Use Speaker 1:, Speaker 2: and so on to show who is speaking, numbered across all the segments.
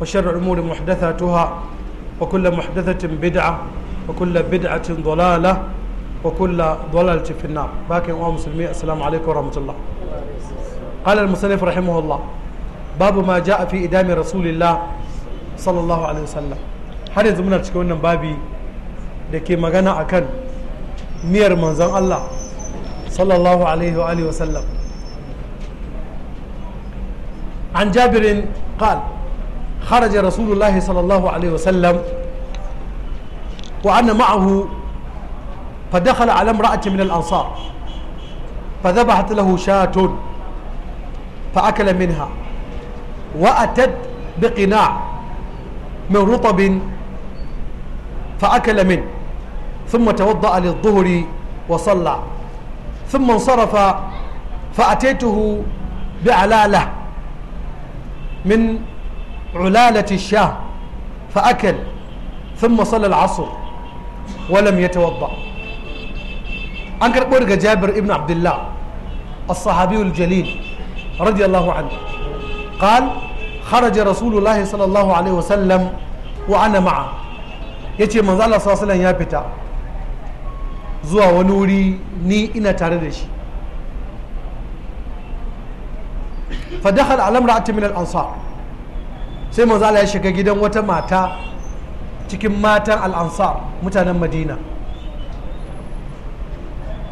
Speaker 1: وشر الأمور محدثاتها وكل محدثة بدعة وكل بدعة ضلالة وكل ضلالة في النار باكن ومسلمين السلام عليكم ورحمة الله قال المصنف رحمه الله باب ما جاء في إدام رسول الله صلى الله عليه وسلم har yanzu muna cikin wannan babi da ke magana a kan miyar manzon Allah sallallahu alaihi wa sallam an jabirin qal خرج رسول الله صلى الله عليه وسلم وأنا معه فدخل على امرأة من الأنصار فذبحت له شاة فأكل منها وأتت بقناع من رطب فأكل منه ثم توضأ للظهر وصلى ثم انصرف فأتيته بعلالة من علالة الشام فأكل ثم صلى العصر ولم يتوضأ أنكر قرق جابر ابن عبد الله الصحابي الجليل رضي الله عنه قال خرج رسول الله صلى الله عليه وسلم وأنا معه يتي من ظل صلى الله عليه وسلم zuwa wani wuri ni ina tare da shi فدخل على امرأة من الأنصار sai manzo ya shiga gidan wata mata cikin matan al mutanen madina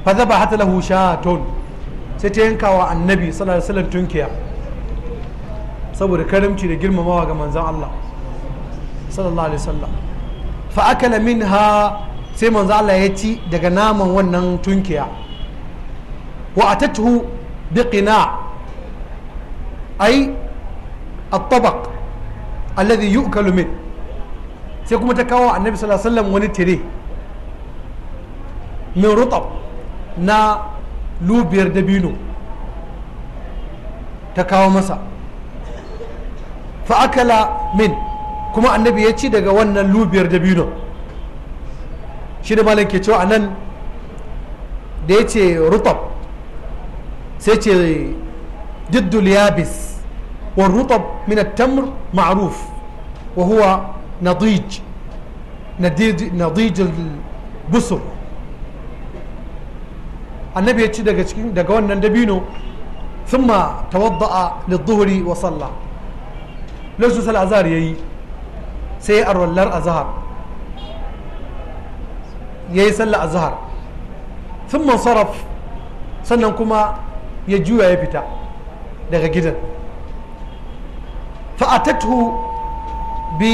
Speaker 1: fa zaba hata lahu shatun sai ta yanka wa annabi sallallahu alaihi wasallam tunkiya saboda karimci da girmamawa ga manzon Allah sallallahu alaihi wasallam fa akala minha sai manzo Allah ya ci daga naman wannan tunkiya wa atatuhu biqina ay الطبق alladhi yu'kalu min sai kuma ta kawo annabi sallallahu alaihi wasallam wani tire min rutab na lubiyar dabino ta kawo masa akala min kuma annabi ya ci daga wannan lubiyar dabino shi da malam ke cewa a nan da ya ce rutab sai ce diddul yabis والرطب من التمر معروف وهو نضيج نضيج, البصر البسر النبي يتشي دقا ثم توضأ للظهر وصلى لو سوسل أزار يي سيأر واللر أزهر يي سلا أزهر ثم صرف سنن كما يجوع يبتا دقا جدا fa'atathu bi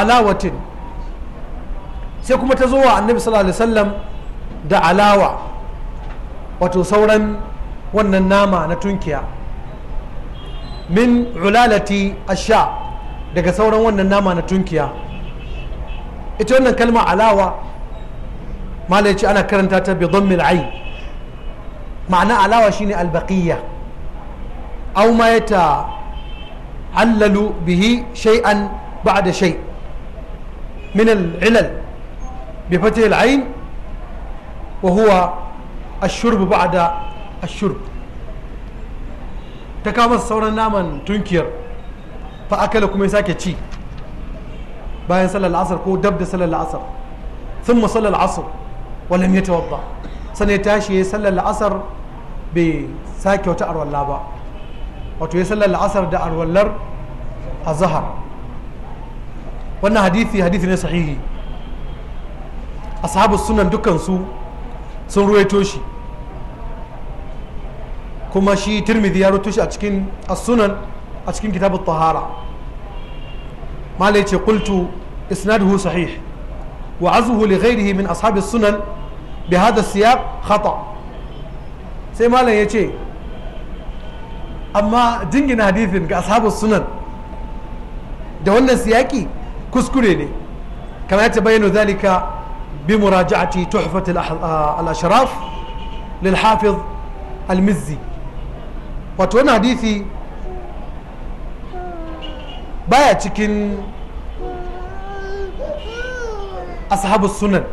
Speaker 1: alawatin sai kuma ta zo wa annabi sallallahu alaihi wasallam da alawa wato sauran wannan nama na tunkiya min ulalati asha daga sauran wannan nama na tunkiya ita wannan kalma alawa malaci ana karanta ta bi dhammil ayn ma'ana alawa shine albaqiyya aw ma yata allalu bihi shay'an ba'da shay min al-ilal bi fathi al-ain wa huwa ash-shurb ba'da ash ta kama sauran naman tunkiyar fa akala kuma ya sake ci bayan sallar asar ko dab da sallar asar sun ma sallar asar walam ya tawadda sannan ya tashi ya sallar asar bai sake wata arwalla ba wato ya sallar la'asar da arwallar zahar wannan hadithi hadithi ne sahihi ashabu sunan dukansu sun ruwaito shi kuma shi tirmidhi ya ruwaito shi a cikin sunan a cikin kitabut tahara malai ce qultu isnaduhu sahih wa azuhu li ghairihi min ashabi sunan bi hadha siyaq khata sai malam ce amma jingina hadithin ga ashabu sunan da wannan siyaki kuskure ne kama ya tabayyana zalika bi muraja'ati tuhfat al-ashraf lil hafiz al-mizzi wato wannan hadithi baya cikin ashabu sunan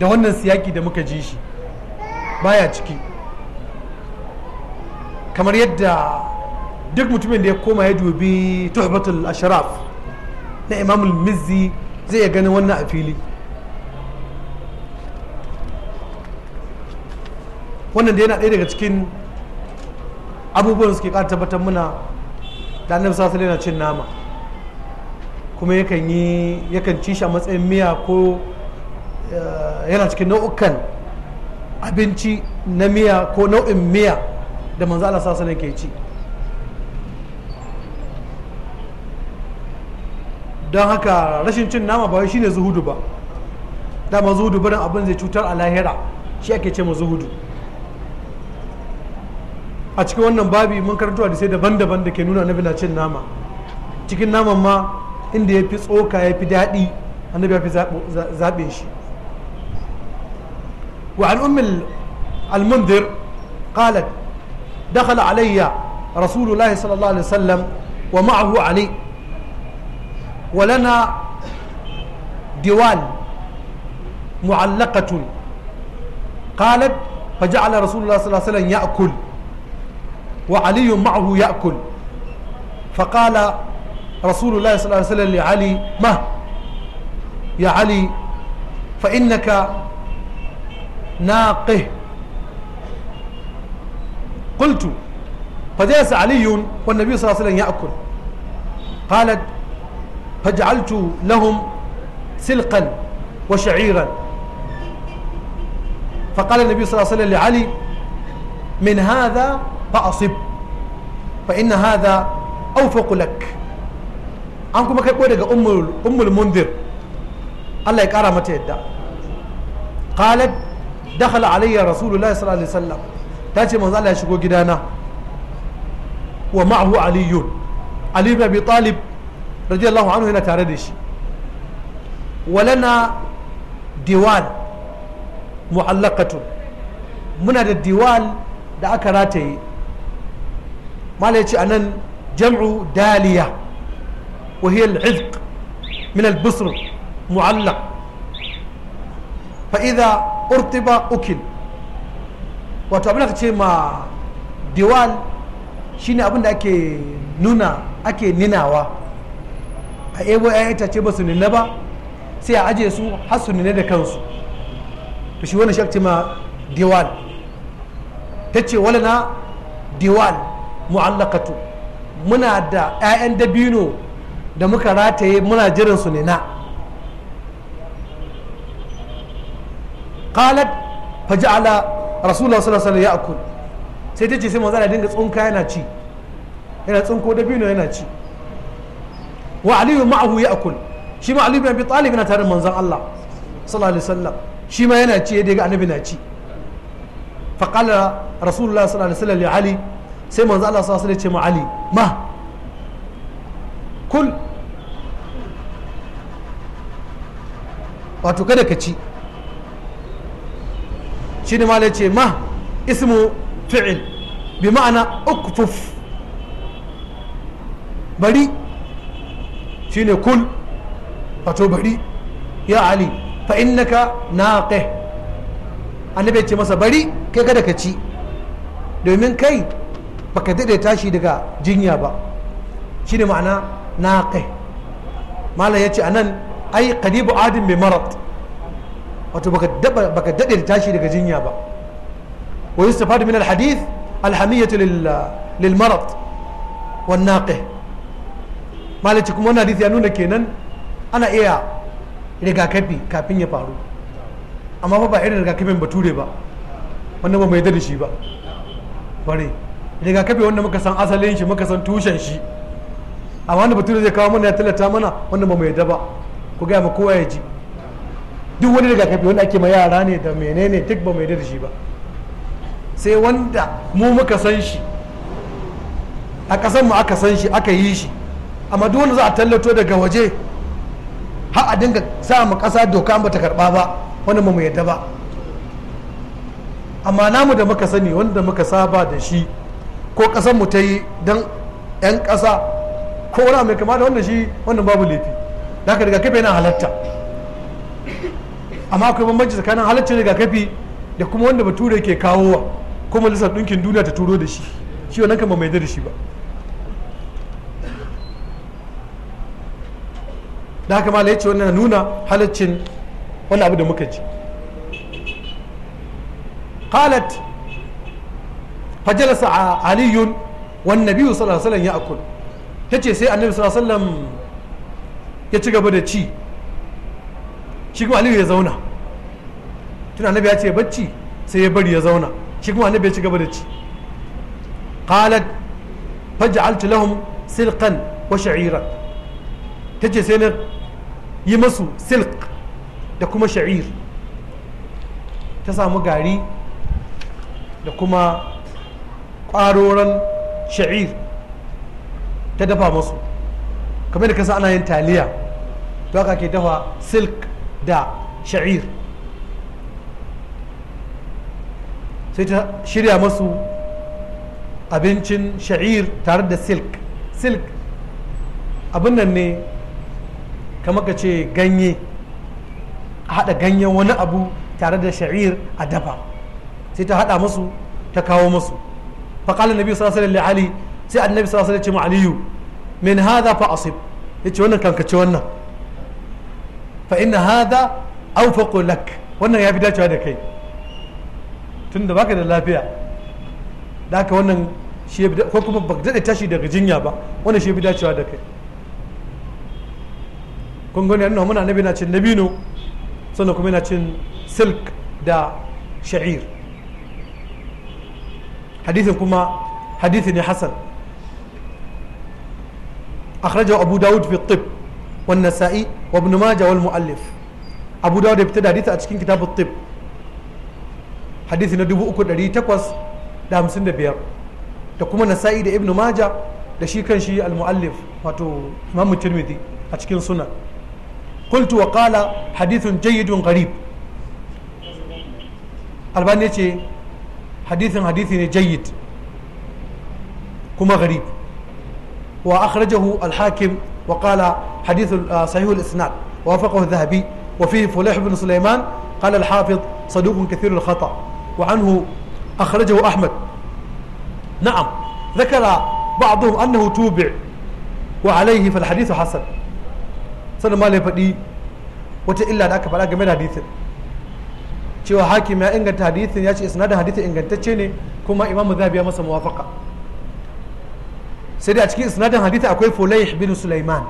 Speaker 1: da wannan siyaki da muka ji shi baya ciki kamar yadda duk mutumin da ya koma ya dubi tuhbatul asharaf na imamul mizzi zai gani wannan a fili wannan da yana ɗaya daga cikin abubuwan suke ƙara tabbatar muna da annabi sa yana cin nama kuma yakan yi yakan ci shi a matsayin miya ko eh, yana cikin nau'ukan abinci na miya ko nau'in miya da manzo Allah sallallahu alaihi wasallam ke ci don haka rashin cin nama ba shine zuhudu ba dama zuhudu barin abin zai cutar a lahira shi ake ce ma zuhudu a cikin wannan babi mun karanto hadisai daban-daban da ke nuna annabi na cin nama cikin naman ma inda ya fi tsoka ya fi daɗi annabi ya fi zaɓin shi wa an ummul al-mundir qalat دخل علي رسول الله صلى الله عليه وسلم ومعه علي ولنا ديوان معلقة قالت فجعل رسول الله صلى الله عليه وسلم يأكل وعلي معه يأكل فقال رسول الله صلى الله عليه وسلم لعلي ما يا علي فإنك ناقه قلت فجلس علي والنبي صلى الله عليه وسلم يأكل قالت فجعلت لهم سلقا وشعيرا فقال النبي صلى الله عليه وسلم لعلي من هذا فأصب فإن هذا أوفق لك أنكم كيقول لك أم أم المنذر الله يكرمك يدا قالت دخل علي رسول الله صلى الله عليه وسلم ta ce manzo Allah ya shigo gidana wa ma'ahu aliyun ali ibn abi talib radiyallahu anhu yana tare da shi walana diwal mu'allaqatun muna da diwal da aka rataye mala yace anan jam'u daliya wa hiya al-'izq min al-busr mu'allaq fa idha urtiba ukil wato abin da ce ma diwal shine abin da ake nuna ake ninawa a ebo ya itace ba su nina ba sai a aje su har su nina da kansu to shi wani shakci ma diwal ta ce wala na diwal mu'allakatu muna da 'ya'yan dabino da muka rataye muna jiran su nina qalat ala. rasulullah sallallahu alaihi ya akul sai ta ce sai manzo Allah dinga tsunka yana ci yana tsunko dabino yana ci wa aliyu ma'ahu ya akul shi ma aliyu bin abi talib yana tare manzon Allah sallallahu alaihi wasallam shi ma yana ci yadda daga annabi na ci fa qala rasulullah sallallahu alaihi wasallam li ali sai manzo Allah sallallahu alaihi wasallam ya ce ma ali ma kul wato kada ka ci shi ne malai ce ma ismu fi'il bi ma'ana ukfuf bari shi ne kul wato bari ya ali fa innaka naqih annabi ce masa bari kai kada ka ci domin kai baka daɗe tashi daga jinya ba shi ne ma'ana naqih malam ya ce anan ai qadibu adin bi marad wato baka daɗe da tashi daga jinya ba wa yustafadu min alhadith alhamiyatu lil marad wan naqih malaci kuma wannan hadith ya nuna kenan ana iya rigakafi kafin ya faru amma ba irin rigakafin bature ba wanda ba mai shi ba bare rigakafi wanda muka san asalin shi muka san tushen shi amma wanda bature zai kawo mana ya tallata mana wanda ba mai da ba ku gaya ma kowa ya ji duk wani rigakafi wanda ake ma yara ne da menene duk ba mai da shi ba sai wanda mu muka san shi a ƙasar mu aka san shi aka yi shi amma duk wanda za a tallato daga waje har a dinga sa mu ƙasa doka ba ta karɓa ba wanda mu yadda ba amma namu da muka sani wanda muka saba da shi ko ƙasar mu ta yi don 'yan ƙasa ko wani mai kama da wanda shi wannan babu laifi da haka rigakafi yana halatta amma akwai bambanci tsakanin halaccin rigakafi da kuma wanda bature ke kawowa ko majalisar ɗinkin duniya ta turo da shi shi wannan kan ba mai da shi ba da haka malai ce wannan nuna halaccin wani abu da muka ji قالت فجلس علي والنبي صلى ya عليه ta ce sai annabi sallallahu alaihi wasallam ya ci gaba da ci shi kuma aliyu ya zauna tun annabi ya ce bacci sai ya bari ya zauna shi kuma annabi ya ci gaba da ci qalat faj'altu lahum silqan wa sha'ira tace sai na yi masu silk da kuma sha'ir ta samu gari da kuma ƙwaroron sha'ir ta dafa masu kamar da kasa ana yin taliya to haka ke dafa silk da sha'ir sai ta shirya masu abincin sha'ir tare da silk silk abin nan ne kama ka ce ganye a haɗa ganyen wani abu tare da sha'ir a dafa sai ta haɗa masu ta kawo masu faƙalin nabi sallallahu alaihi ali sai annabi sallallahu alaihi aliyu min hadha fa asib yace wannan ce wannan fa inna hadha awfaqu wannan ya fi dacewa da kai tun tunda baka da lafiya da haka wannan shi ko kuma ba daɗe tashi daga jinya ba wannan shi fi dacewa da kai kun gani annabi muna annabi na cin dabino sannan kuma yana cin silk da sha'ir hadithin kuma hadithin ne hasan akhrajahu abu dawud fi tib wan nasa'i wa ibn majah wal muallif abu dawud ya fitar da hadisi a cikin kitab at-tib hadisi na 3855 da kuma nasa'i da ibn majah da shi kan shi muallif wato imam tirmidhi a cikin sunan qultu wa qala hadithun jayyidun gharib albani ce hadithin hadithi ne jayyid kuma gharib wa akhrajahu al-hakim وقال حديث آه، صحيح الإسناد وافقه الذهبي وفي فليح بن سليمان قال الحافظ صدوق كثير الخطأ وعنه أخرجه أحمد نعم ذكر بعضهم أنه توبع وعليه فالحديث حسن صلى الله عليه وسلم الا ذاك فلا جمال حديث شو حاكم يا إنجت حديث يا شي إسناد حديث إنجت تشيني كما إمام الذهبي مس موافقة sai dai a cikin isnadin hadith akwai fulayh bin sulaiman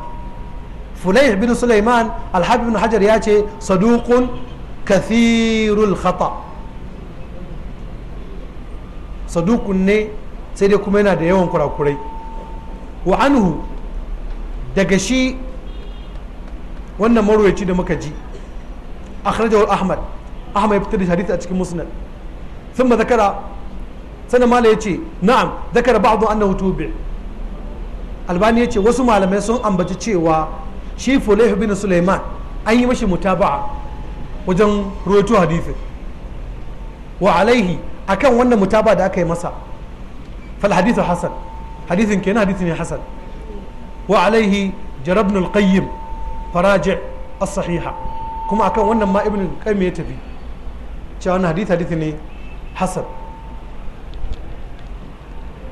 Speaker 1: fulayh bin sulaiman alhabi bin hajar ya ce saduqun kathirul khata saduqun ne sai dai kuma yana da yawan kurakurai wa anhu daga shi wannan marwaci da muka ji akhrajahu ahmad ahmad ya fitar da hadith a cikin musnad thumma zakara sanan mala yace na'am zakara ba'd annahu tubi' albani ya ce wasu malamai sun ambaci cewa shi fulaihu bin suleiman an yi mashi mutaba'a wajen roto hadithin wa alaihi akan wannan mutaba da aka yi masa fal hadithu hasan hadithin kenan hadithin ne hasan wa alaihi jarabn al-qayyim faraji' as-sahiha kuma akan wannan ma ibn al-qayyim ya tafi cewa wannan hadith hadith ne hasan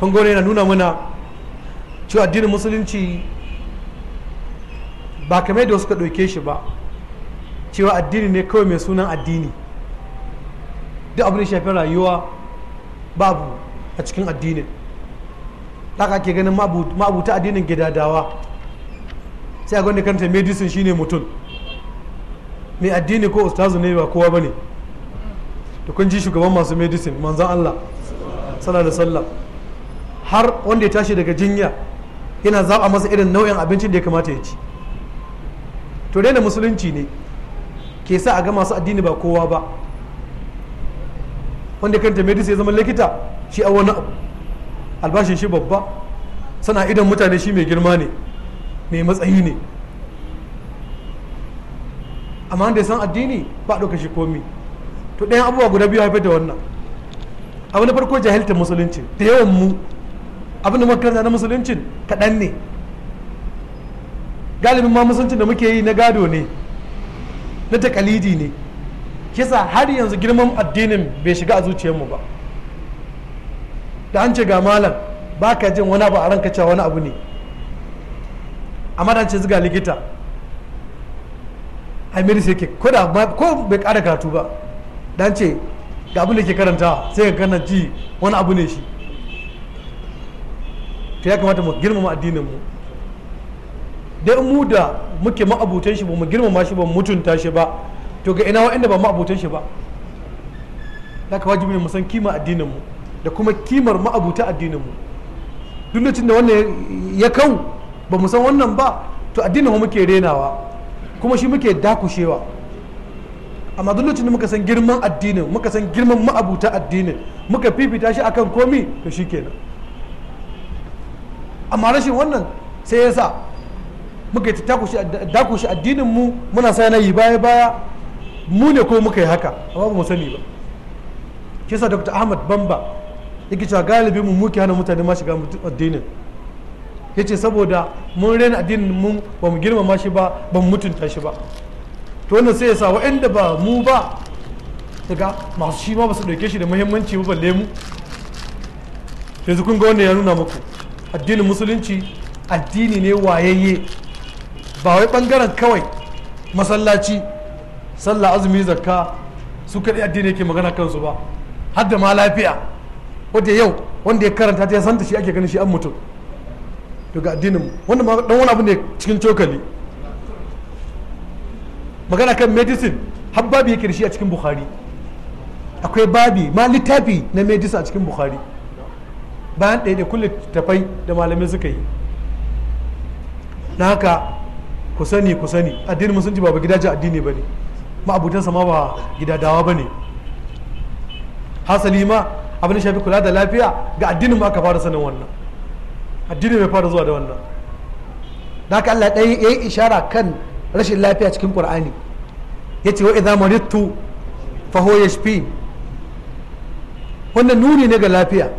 Speaker 1: kun gore yana nuna muna. cewa addinin musulunci ba kamar da suka ɗauke shi ba cewa addini ne kawai mai sunan addini duk abin da shafi rayuwa babu a cikin addinin haka ke ganin ma'abuta addinin gidadawa sai a gwanda kanta medicine shine mutum mai addini ko ustazu ne ba kowa ba ne da kun ji shugaban masu medicine manzan allah sallallahu alaihi har wanda ya tashi daga jinya yana zaɓa masa irin nau'in abincin da ya kamata ya ci to da musulunci ne ke sa a ga masu addini ba kowa ba wanda kanta medis ya zama likita shi a wani albashin shi babba sana idan mutane shi mai girma ne mai matsayi ne amma da san addini ba a ɗauka shi komi to ɗayan abubuwa guda biyu haifar da wannan abu na farko jahiltar musulunci da yawan mu abin da makaranta na musuluncin kaɗan ne galibin ma musuluncin da muke yi na gado ne na takalidi ne kisa har yanzu girman addinin bai shiga a zuciyarmu ba da an ce ga malam ba ka jin wani abu a ranka cewa wani abu ne amma da an ce ziga likita hamidu sai ko da ko bai kara karatu ba da an ce ga abin da ke karanta sai ka kanna ji wani abu ne shi to ya kamata mu girmama addinin mu dai mu da muke ma'abutan shi ba mu girmama shi ba mu mutunta shi ba to ga ina wa'anda ba ma'abutan shi ba haka wajibi ne mu san kima addinin mu da kuma kimar ma'abuta addinin mu duk lokacin da wannan ya kau ba mu san wannan ba to addinin mu muke renawa kuma shi muke dakushewa amma duk lokacin da muka san girman addinin muka san girman ma'abuta addinin muka fifita shi akan komi to shikenan amma rashin wannan sai ya sa muka yi ta addinin mu muna sa yanayi baya baya mu ne ko muka yi haka amma ba mu sani ba kisa dr ahmad bamba yake cewa galibi mu muke hana mutane ma shiga addinin ya ce saboda mun rena addinin mu ba mu girmama shi ba ba mu mutunta shi ba to wannan sai ya sa waɗanda ba mu ba daga masu shi ma ba su ɗauke shi da muhimmanci ba balle mu yanzu kun ga wanda ya nuna muku addinin musulunci addini ne wayayye ba wai bangaren kawai masallaci sallah azumi zakka su kaɗai addini yake magana kansu ba hadda ma lafiya wadda yau wanda ya karanta ta ya santa shi ake ganin shi an mutum daga addinin mu wanda ma dan wani abu ne cikin cokali magana kan medicine har babi yake da shi a cikin bukhari akwai babi ma littafi na medicine a cikin bukhari bayan ɗaya da kulle tafai da malamai suka yi na haka ku sani ku sani addinin musulunci ba gidajen addini ba ne ma'abutansa ma ba gidadawa ba ne hasali ma abin da shafi kula da lafiya ga addinin ma aka fara sanin wannan addini mai fara zuwa da wannan da haka Allah ɗaya ya yi ishara kan rashin lafiya cikin ƙur'ani ya ce wa idan marittu fa huwa yashfi wannan nuni ne ga lafiya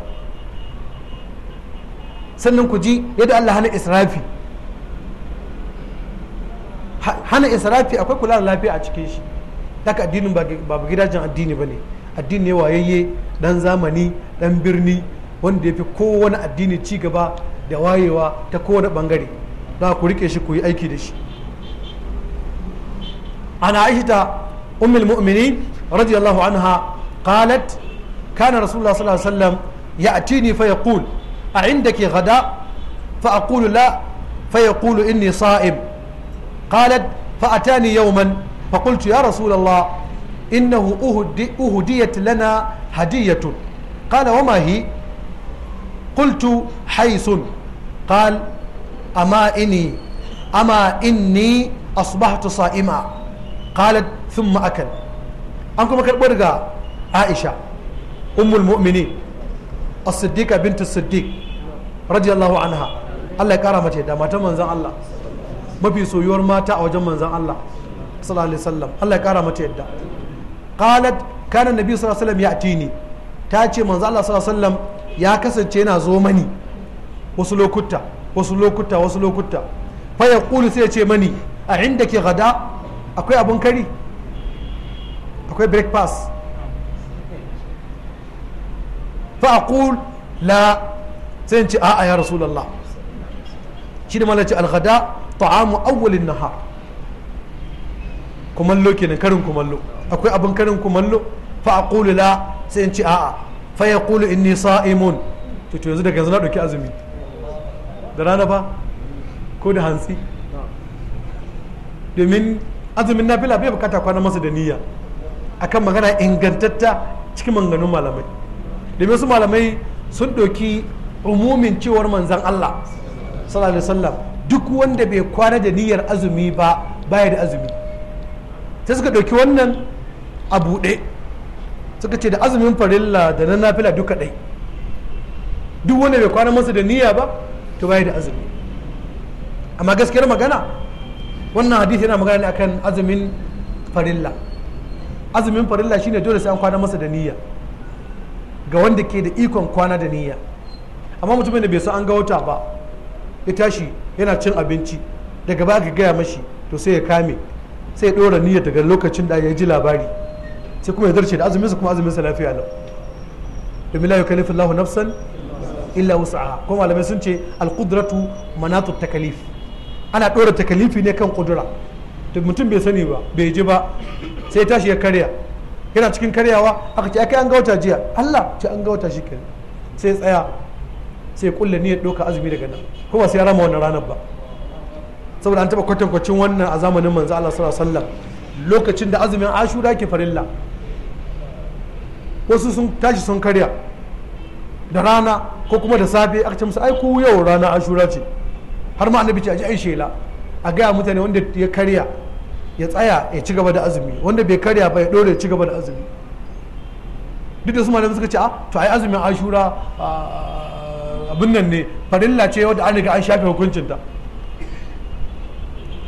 Speaker 1: sannan ku ji yadda Allah hana israfi hana israfi akwai kula da lafiya a cikin shi haka addinin ba gidajen addini ba ne addini ne wayayye dan zamani dan birni wanda ya fi kowane addini ci gaba da wayewa ta kowane bangare za ku rike shi ku yi aiki da shi ana aishita ummul mu'minin radiyallahu anha qalat kana rasulullah sallallahu alaihi wasallam ya'tini fa yaqul أعندك غداء فأقول لا فيقول إني صائم قالت فأتاني يوما فقلت يا رسول الله إنه أهدي أهديت لنا هدية قال وما هي قلت حيث قال أما إني أما إني أصبحت صائما قالت ثم أكل أنكم أكل برقى عائشة أم المؤمنين as-siddiqa bintu siddiq radiyallahu anha Allah ya kara mace da matan manzon Allah mafi soyuwar mata a wajen manzon Allah sallallahu alaihi wasallam Allah ya kara mata yadda qalat kana nabi sallallahu alaihi wasallam ya'tini ta ce manzon Allah sallallahu alaihi wasallam ya kasance yana zo mani wasu lokuta wasu lokuta wasu lokuta fa yaqulu sai ya ce mani a inda ke gada akwai abun kari akwai breakfast fa aqul la sai a'a ya rasulullah shi da malaci alghada ta'amu awwalin nahar kumallo kenan karin kumallo akwai abin karin kumallo fa aqulu la sai in ce a'a fa yaqulu inni sa'imun to to yanzu daga yanzu na azumi da rana ko da domin azumin na fila bai bukata kwana masa da niyya akan magana ingantatta cikin manganun malamai domin su malamai sun ɗauki umumin cewar manzan Allah sallallahu alaihi wasallam duk wanda bai kwana da niyyar azumi ba baya da azumi sai suka ɗauki wannan a buɗe suka ce da azumin farilla da na nafila duka ɗai duk wanda bai kwana masa da niyya ba to baya da azumi amma gaskiyar magana wannan hadisi yana magana ne akan azumin farilla azumin farilla shine dole sai an kwana masa da niyya ga wanda ke da ikon kwana da niyya amma mutumin da bai san an ga wata ba ya tashi yana cin abinci daga ba ka gaya mashi to sai ya kame sai ya ɗora niyya daga lokacin da ya ji labari sai kuma ya zarce da azuminsa kuma sa lafiya lau domin la yukallifu Allahu nafsan illa wus'aha ko malamai sun ce Alkudratu qudratu manatu takalif ana dora takalifi ne kan kudura to mutum bai sani ba bai ji ba sai tashi ya karya yana cikin karyawa aka ce aka an ga jiya Allah ce an ga wata shi kenan sai tsaya sai kulle niyyar doka azumi daga nan kuma sai ya rama wannan ranar ba saboda an taba kwatankwacin wannan a zamanin manzo Allah sallallahu alaihi wasallam lokacin da azumin Ashura ke farilla wasu sun tashi sun karya da rana ko kuma da safe aka ce musu ai ku yau rana Ashura ce har ma annabi ce a ji ai shela a gaya mutane wanda ya karya ya tsaya ya ci gaba da azumi wanda bai karya ba ya dore ya ci gaba da azumi duk da su malamai suka ce a ah, to ai azumin ashura ah, abin nan ne farilla ce wadda an riga an shafe ta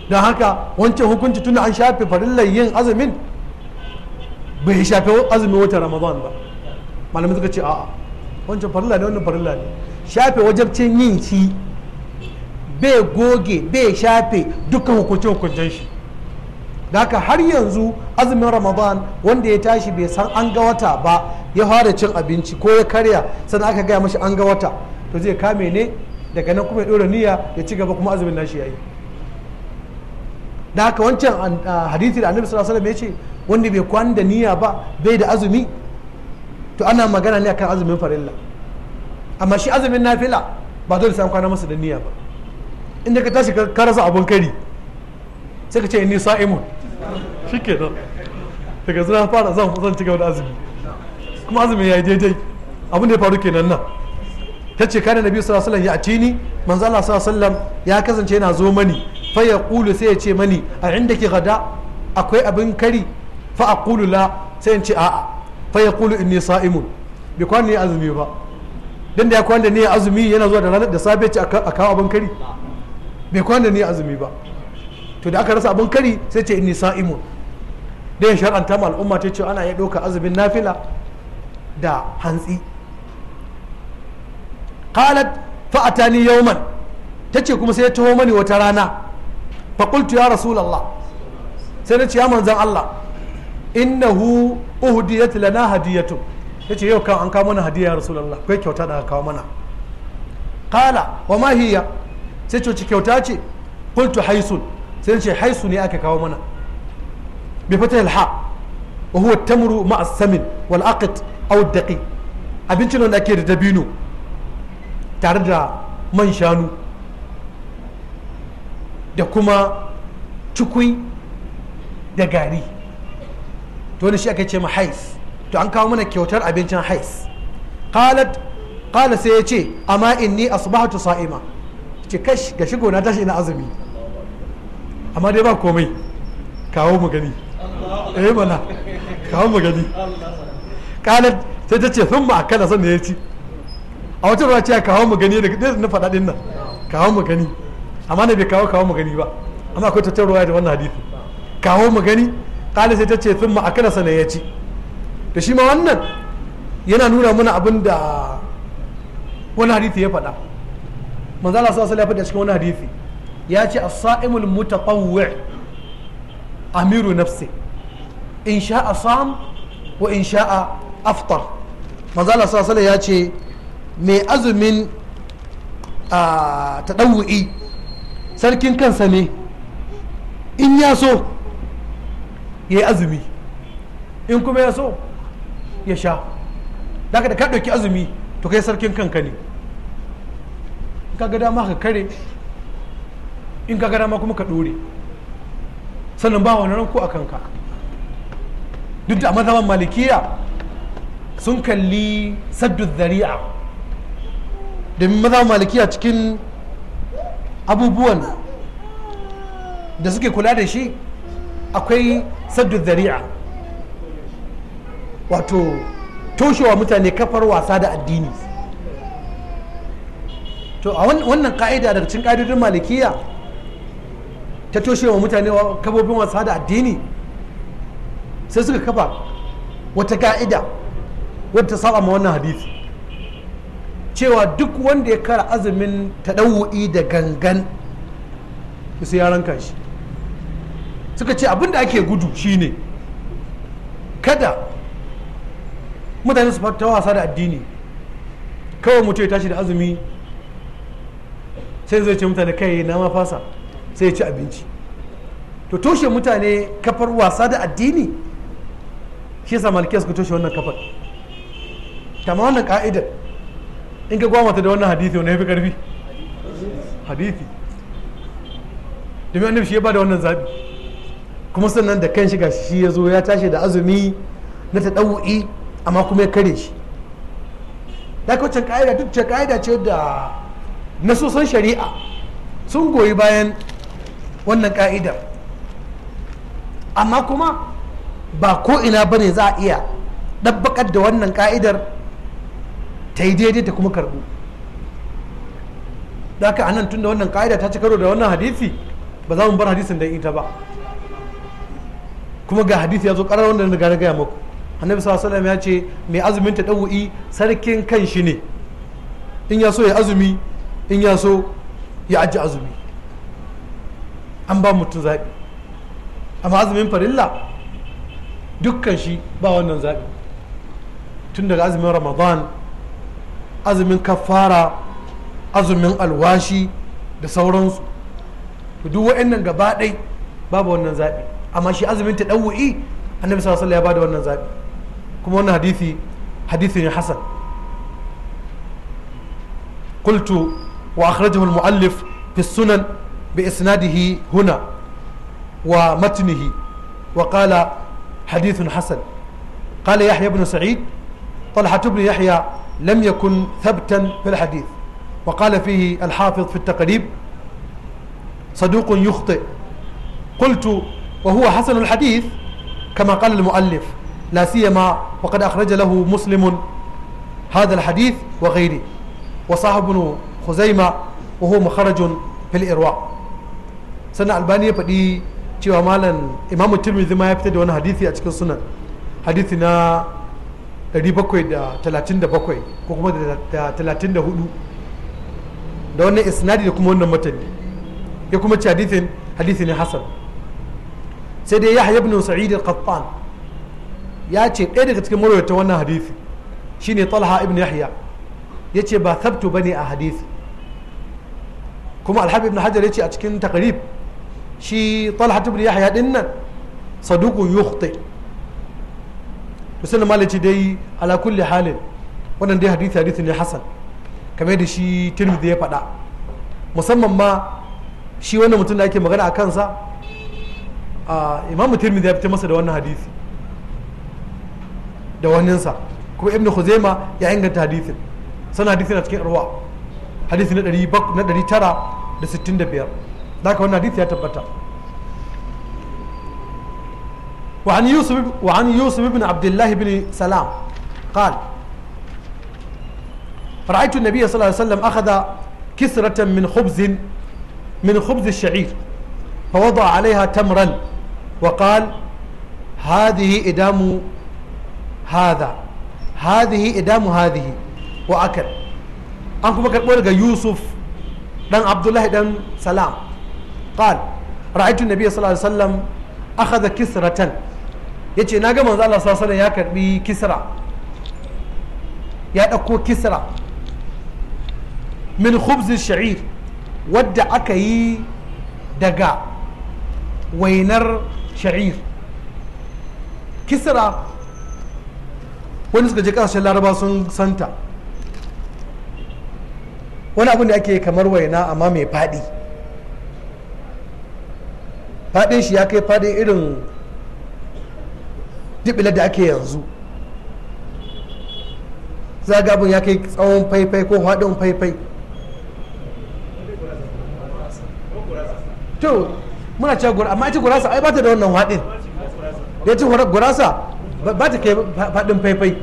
Speaker 1: don haka wancan hukunci tun an shafe farillar yin azumin bai shafe azumin wata ramadan ba malamai suka ce a'a wancan farilla ne wannan farilla ne shafe wajabcin yin shi bai goge bai shafe dukkan hukuncin hukuncin shi haka har yanzu azumin ramadan wanda ya tashi bai san an ga wata ba ya fara cin abinci ko ya karya sannan aka gaya mashi an ga wata to zai kame ne daga nan kuma ya ɗora niyya ya ci gaba kuma azumin nashi yayi da haka wancan hadithi da annabi sallallahu alaihi wasallam ya ce wanda bai kwana da niyya ba bai da azumi to ana magana ne akan azumin farilla amma shi azumin nafila ba dole sai an kwana masa da niyya ba inda ka tashi ka rasa abun kari sai ka ce ni sa'imun shi ke nan daga zina fara zan zan ci gaba da azumi kuma azumi ya yi daidai abin da ya faru kenan nan ta ce kane nabi sallallahu alaihi wasallam ya tini manzo Allah sallallahu alaihi wasallam ya kasance yana zo mani fa ya sai ya ce mani a inda ke gada akwai abin kari fa aqulu la sai in ce a'a fa ya qulu inni sa'imun bi kwan ne azumi ba dan da ya kwan da ne azumi yana zuwa da ranar da safe ce a kawo abin kari bai kwan da ne azumi ba to da aka rasa abun kari sai ce inni sa'imun da ya shar'anta ma al'umma ta ce ana iya ɗauka azumin nafila da hantsi qalat fa'atani yawman tace kuma sai ya taho mani wata rana fa qultu ya rasulullah sai na ce ya manzon Allah innahu uhdiyat lana hadiyatu yace yau kan an kawo mana hadiya ya rasulullah kai kyauta da kawo mana qala wa ma hiya sai ce kyauta ce qultu haisun sai ce haisu ne aka kawo mana bi fatahil ha wa huwa tamru ma'a samin wal aqt aw daqi abincin wanda ake da dabino tare da man shanu da kuma cikui da gari to shi aka ce ma hais to an kawo mana kyautar abincin hais qalat qala sai ya ce amma inni asbahtu sa'ima ce kash ga shigo na tashi ina azumi amma dai ba komai kawo mu gani eh mana kawo mu gani kalat sai ta ce sun a ma'akala sannan ya ci a wata ruwa ce kawo mu gani da na faɗa ɗin nan kawo mu gani amma na bai kawo kawo mu gani ba amma akwai ta ruwa da wannan hadisi kawo mu gani kalat sai ta ce sun a ma'akala sannan ya ci da shi ma wannan yana nuna mana abin da wani hadisi ya faɗa manzala sallallahu alaihi wasallam ya faɗa cikin wani hadisi ya ce as-sa'imul mutatawwi' amiru nafsi in sha'a sam wa in sha'a aftar mazala Allah ya ce mai azumin taɗawu’i sarkin kansa ne in ya so ya yi azumi in kuma ya so ya sha daga da ka ɗauki azumi to kai sarkin kanka ne ka ga dama ka kare in ka gada ma kuma ka dore sannan ba wani ranko a kanka duk da mazhaban malikiya sun kalli saddu zari'a domin mazhaban malikiya cikin abubuwan da suke kula da shi akwai saddu zari'a wato toshewa mutane kafar wasa da addini to a wannan ka'ida daga cikin ka'idodin malikiya ta toshe wa mutane kafofin wasa da addini sai suka kafa wata ka'ida wadda saba ma wannan hadisi cewa duk wanda ya kara azumin taɗawu'i da gangan sai ya ranka shi suka ce abinda ake gudu shine kada mutane su fata wasa da addini kawai mutum ya tashi da azumi sai zai ce mutane kai na ma fasa sai ya ci abinci to toshe mutane kafar wasa da addini shi yasa malikiya suka toshe wannan kafar kama wannan ka'idar in ka gwamata da wannan hadithi wani ya fi karfi hadithi domin annabi shi ya bada wannan zabi kuma sannan da kan shiga shi ya zo ya tashi da azumi na ta ɗaui amma kuma ya kare shi da ka can ka'ida duk can ka'ida ce da nasosan shari'a sun goyi bayan wannan ka'idar amma kuma ba ko ina bane za a iya ɗabbaƙar da wannan ka'idar ta yi daidai ta kuma karbu da haka anan tunda wannan ka'ida ta ci karo da wannan hadisi ba za mu bar hadisin da ita ba kuma ga hadisi ya zo karar wanda na gane gaya muku annabi sallallahu alaihi ya ce mai azumin ta ɗau'i sarkin kan shi ne in ya so ya azumi in ya so ya ajiye azumi an ba mutum zaɓi amma azumin farilla dukkan shi ba wannan zaɓi tun daga azumin ramadan azumin kafara azumin alwashi da sauransu duk wa'annan gaba ɗai babu wannan zaɓi amma shi azumin ta ɗauwa'i annabi sallallahu ya bada wannan zaɓi kuma wannan hadithi hadisi ne hasan qultu wa akhrajahu al-mu'allif fi بإسناده هنا ومتنه وقال حديث حسن قال يحيى بن سعيد طلحة بن يحيى لم يكن ثبتا في الحديث وقال فيه الحافظ في التقريب صدوق يخطئ قلت وهو حسن الحديث كما قال المؤلف لا سيما وقد أخرج له مسلم هذا الحديث وغيره وصاحب خزيمة وهو مخرج في الإرواق sannan albani ya faɗi cewa malam imamu tirmidhi ma ya fitar da wani hadithi a cikin sunan hadithi na 737 ko kuma da 34 da wannan isnadi da kuma wannan matani ya kuma ce hadithin hadithi ne hasan sai dai yahya ibn sa'id al-qattan ya ce ɗaya daga cikin marwayata wannan hadithi shine talha ibn yahya ya ce ba sabtu bane a hadithi kuma alhabib ibn hajar ya ce a cikin takarib shi talha ibn yahya din nan saduku yukhti musulun malaci dai ala kulli halin wannan dai hadisi hadisi ne hasan kamar da shi tirmidhi ya faɗa musamman ma shi wannan mutum da ake magana a kansa imamu tirmidhi ya fita masa da wannan hadisi da waninsa kuma ibn khuzaima ya inganta hadisin sana hadisin a cikin irwa hadisi na 965 da ka wannan hadith ya tabbata وعن يوسف وعن يوسف بن عبد الله بن سلام قال رأيت النبي صلى الله عليه وسلم أخذ كسرة من خبز من خبز الشعير فوضع عليها تمرا وقال هذه إدام هذا هذه إدام هذه وأكل أنكم بكر يوسف دان عبد الله دان سلام qal ra'aytu nabiy sallallahu alaihi wasallam akhadha kisratan yace na ga manzo Allah sallallahu alaihi ya karbi kisra ya dauko kisra min khubz sha'ir wadda aka yi daga wainar sha'ir kisra wani suka je kasashen laraba sun santa wani abin ne ake kamar waina amma mai faɗi faɗin shi ya kai faɗin irin dibila da ake yanzu zagabin ya kai tsawon faifai ko haɗin faifai to muna cewa gura amma ita gurasa ai ba ta da wannan haɗin da ci gurasa ba ta kai faɗin faifai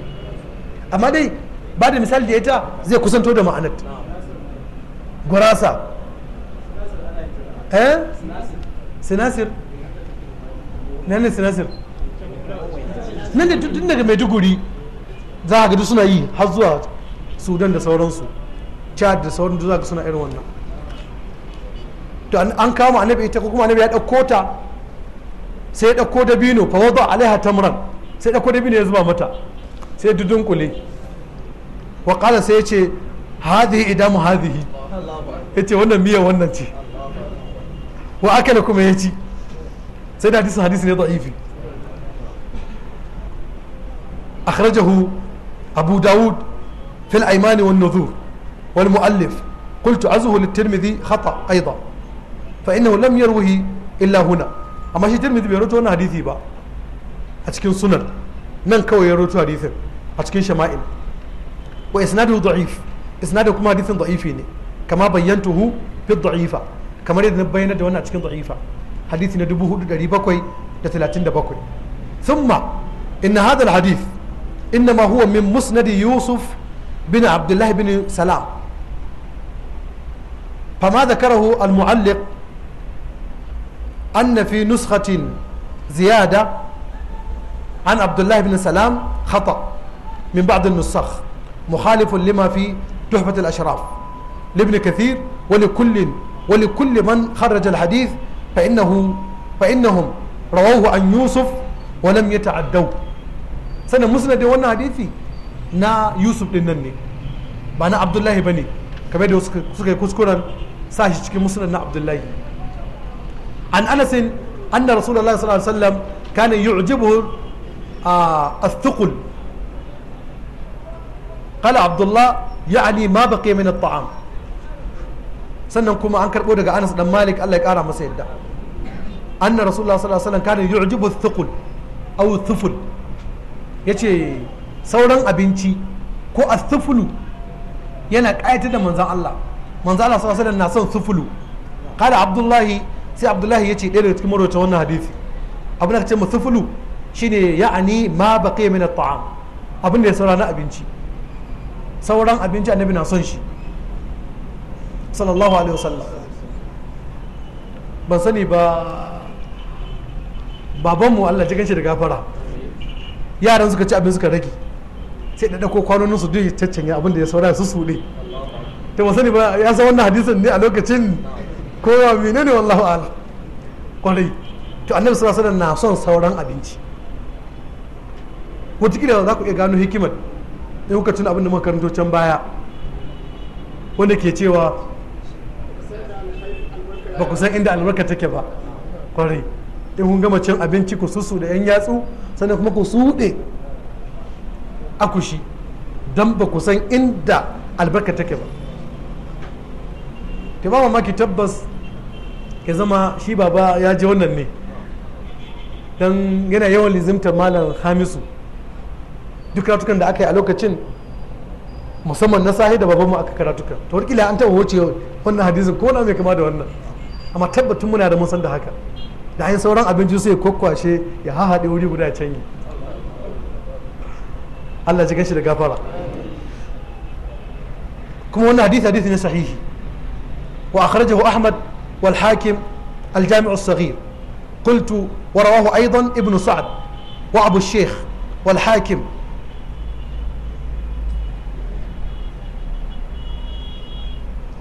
Speaker 1: amma dai ba da misali da ita zai kusanto da ma'anar gurasa eh sinasir nan ne sinasir nan ne tun daga maiduguri za a gudu suna yi har zuwa sudan da sauransu chad da sauran za ga suna irin wannan to an kama annabi ita ko kuma annabi ya ɗauko ta sai ya ɗauko dabino fa wadda alaiha tamran sai ɗauko dabino ya zuba mata sai dudun kule wa sai ya ce hadhihi idamu hadhihi ce wannan miya wannan ce wa akala kuma ya ci sai da hadisin hadisi ne da ifi akhrajahu abu dawud fil aimani wal nuzur wal muallif قلت عزه للترمذي خطا ايضا فانه لم illa الا هنا اما شي الترمذي بيروتو wannan hadisi ba a cikin sunan nan kawai ya rawaito hadisin a cikin shama'il wa isnadu da'if isnadu kuma hadisin da'ifi ne kama bayyantuhu fi da'ifa kamar yadda na bayyana da wannan a cikin da'ifa hadisi na 4737 thumma inna hadha alhadith انما هو من مسند يوسف بن عبد الله بن سلام فما ذكره المعلق أن في نسخة زيادة عن عبد الله بن سلام خطأ من بعض النسخ مخالف لما في تحفة الأشراف لابن كثير ولكل ولكل من خرج الحديث فإنه فإنهم رووه عن يوسف ولم يتعدوا سنة مسند وانا حديثي نا يوسف لنني ba na abdullahi ba ne kamar da suka yi kuskuren sa shi cikin na abdullahi an anasin anna rasulullah sallallahu alaihi wasallam kana yu'jibu الثقل قال عبد الله يعني ما بقي من الطعام sannan kuma an karɓo daga anas dan malik allah ya ƙara masa yadda anna rasulullah sallallahu alaihi wasallam kana yu'jibu thuqul aw thuful yace sauran abinci ko athufulu yana ƙayatar da manzon allah manzon allah sallallahu alaihi wasallam na son thufulu kada abdullahi sai abdullahi yace ɗaya daga cikin marwata wannan hadisi abin da ka ce mu thufulu shine ya'ani ma baqiya min at-ta'am abin da ya saura na abinci sauran abinci annabi na son shi sallallahu alaihi wasallam ban sani ba babanmu Allah ji ganshi da gafara yaran suka ci abin suka rage sai da ko kwanonin su duk caccanya abin da ya saura su suɗe ta ban sani ba ya san wannan hadisin ne a lokacin kowa menene wallahu ala kwarai to annabi sallallahu alaihi na son sauran abinci wataƙila za ku iya gano hikimar in kuka tuna abin da muka karanto can baya wanda ke cewa ba ku san inda albarka take ba kwarai in kun gama cin abinci ku susu da yan yatsu sannan kuma ku suɗe akushi don ba ku san inda albarka take ba ta ba mamaki tabbas ya zama shi baba ya je wannan ne don yana yawan lizimtar malam hamisu duk karatukan da aka yi a lokacin musamman na sahi da babanmu aka karatuka to wakila an taɓa wuce wannan hadisin ko na mai kama da wannan amma tabbatun muna da mun san da haka da hanyar sauran abin ji sai kokkwashe ya hahaɗe wuri guda can yi Allah ji gashi da gafara kuma wannan hadisi hadisi ne sahihi wa akhrajahu Ahmad wal Hakim al Jami' al Saghir qultu wa rawahu aidan Ibn Sa'd wa Abu shaykh wal Hakim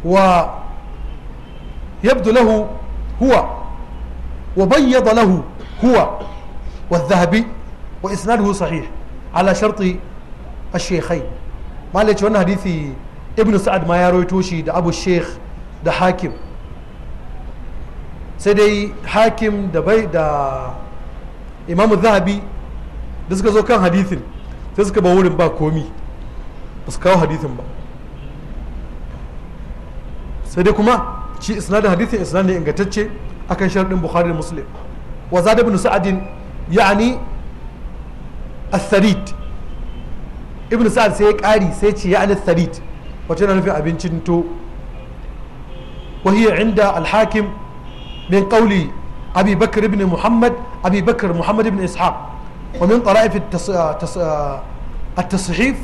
Speaker 1: wa يبدو له هو وبيض له هو والذهبي وإسناده صحيح على شرط الشيخين ما ليش وانا حديثي ابن سعد ما يروي توشي ده أبو الشيخ ده حاكم سيدي حاكم ده بي ده إمام الذهبي da suka zo kan hadithin sai suka ba wurin ba komi ba su kawo hadithin ba sai dai kuma shi isnadin hadithin isnadin ingantacce akan sharadin bukhari da muslim wa zada ibn sa'adin ya'ani as-sarid ibn sa'ad sai ya kari sai ce ya'ani as-sarid wato na nufin abincin to wa hiya inda al-hakim min qawli abi bakr ibn muhammad abi bakr muhammad ibn ishaq wa min tara'if at-tasahif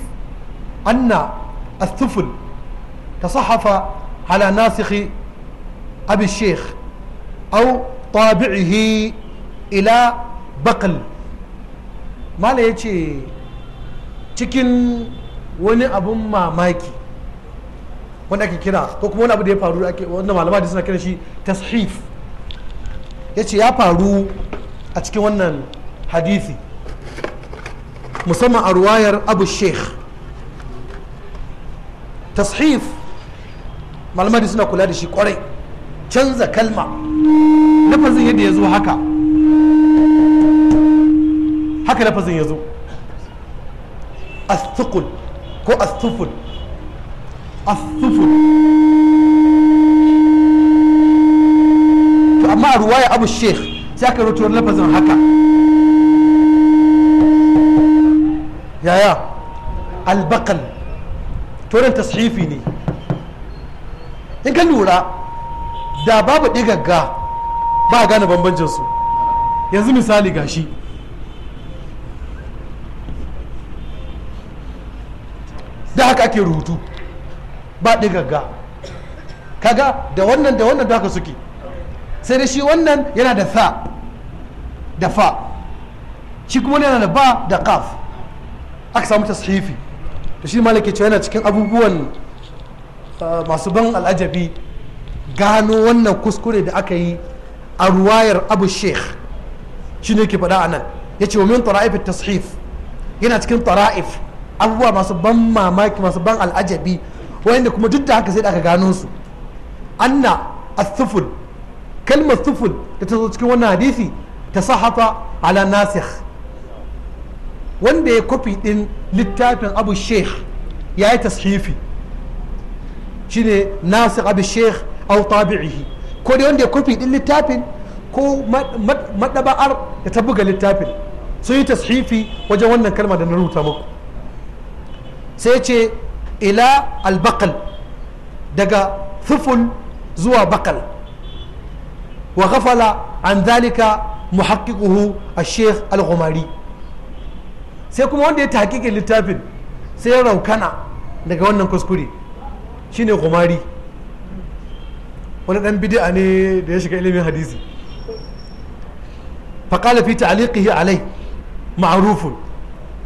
Speaker 1: anna الثفل تصحف على ناسخ أبي الشيخ أو طابعه إلى بقل ما يجي cikin wani abun mamaki wanda ake kira ko kuma wani abu ya faru wanda malama suna kira shi tashif ya ce ya faru a cikin wannan hadithi musamman a ruwayar abu sheikh tashif malama da suna kula da shi kwarai canza kalma lafazin yadda ya zo haka haka lafazin ya zo asthukul ko asthuful asthuful to amma a ruwaya abu sheikh sai aka rutuwar lafazin haka yaya albakal turin tashifi ne in ka lura da babu ɗigagga ba a gane banbancinsu yanzu misali gashi da haka ake rubutu ba ɗigagga kaga da wannan da wannan da haka suke sai da shi wannan yana da tha da fa shi kuma yana da ba da kaf aka samu tashifi da shi malaki cewa yana cikin abubuwan ah, masu ban al'ajabi gano wannan kuskure da aka yi a ruwayar abu sheikh shi ne ke faɗa a nan ya ce wa min tara'if tashif yana cikin tara'if abubuwa masu ban mamaki masu ban al'ajabi wayanda kuma duk da haka sai da aka gano su anna as-suful kalmar suful da ta zo cikin wannan hadisi ta sahafa ala nasikh wanda ya kwafi din littafin abu sheikh ya yi tashifi shine nasikh abu sheikh au ko dai wanda ya kurfi din littafin ko madaba'ar da ta buga littafin sun yi tashifi wajen wannan kalma da na rubuta muku sai ce ila albakal daga thuful zuwa bakal wa ghafala an zalika muhaqqiquhu al-sheikh al sai kuma wanda ya tahqiqin littafin sai ya raukana daga wannan kuskure shine ghumari wani dan bid'a ne da ya shiga ilimin hadisi faƙala fi ta'liqihi alai ma'rufun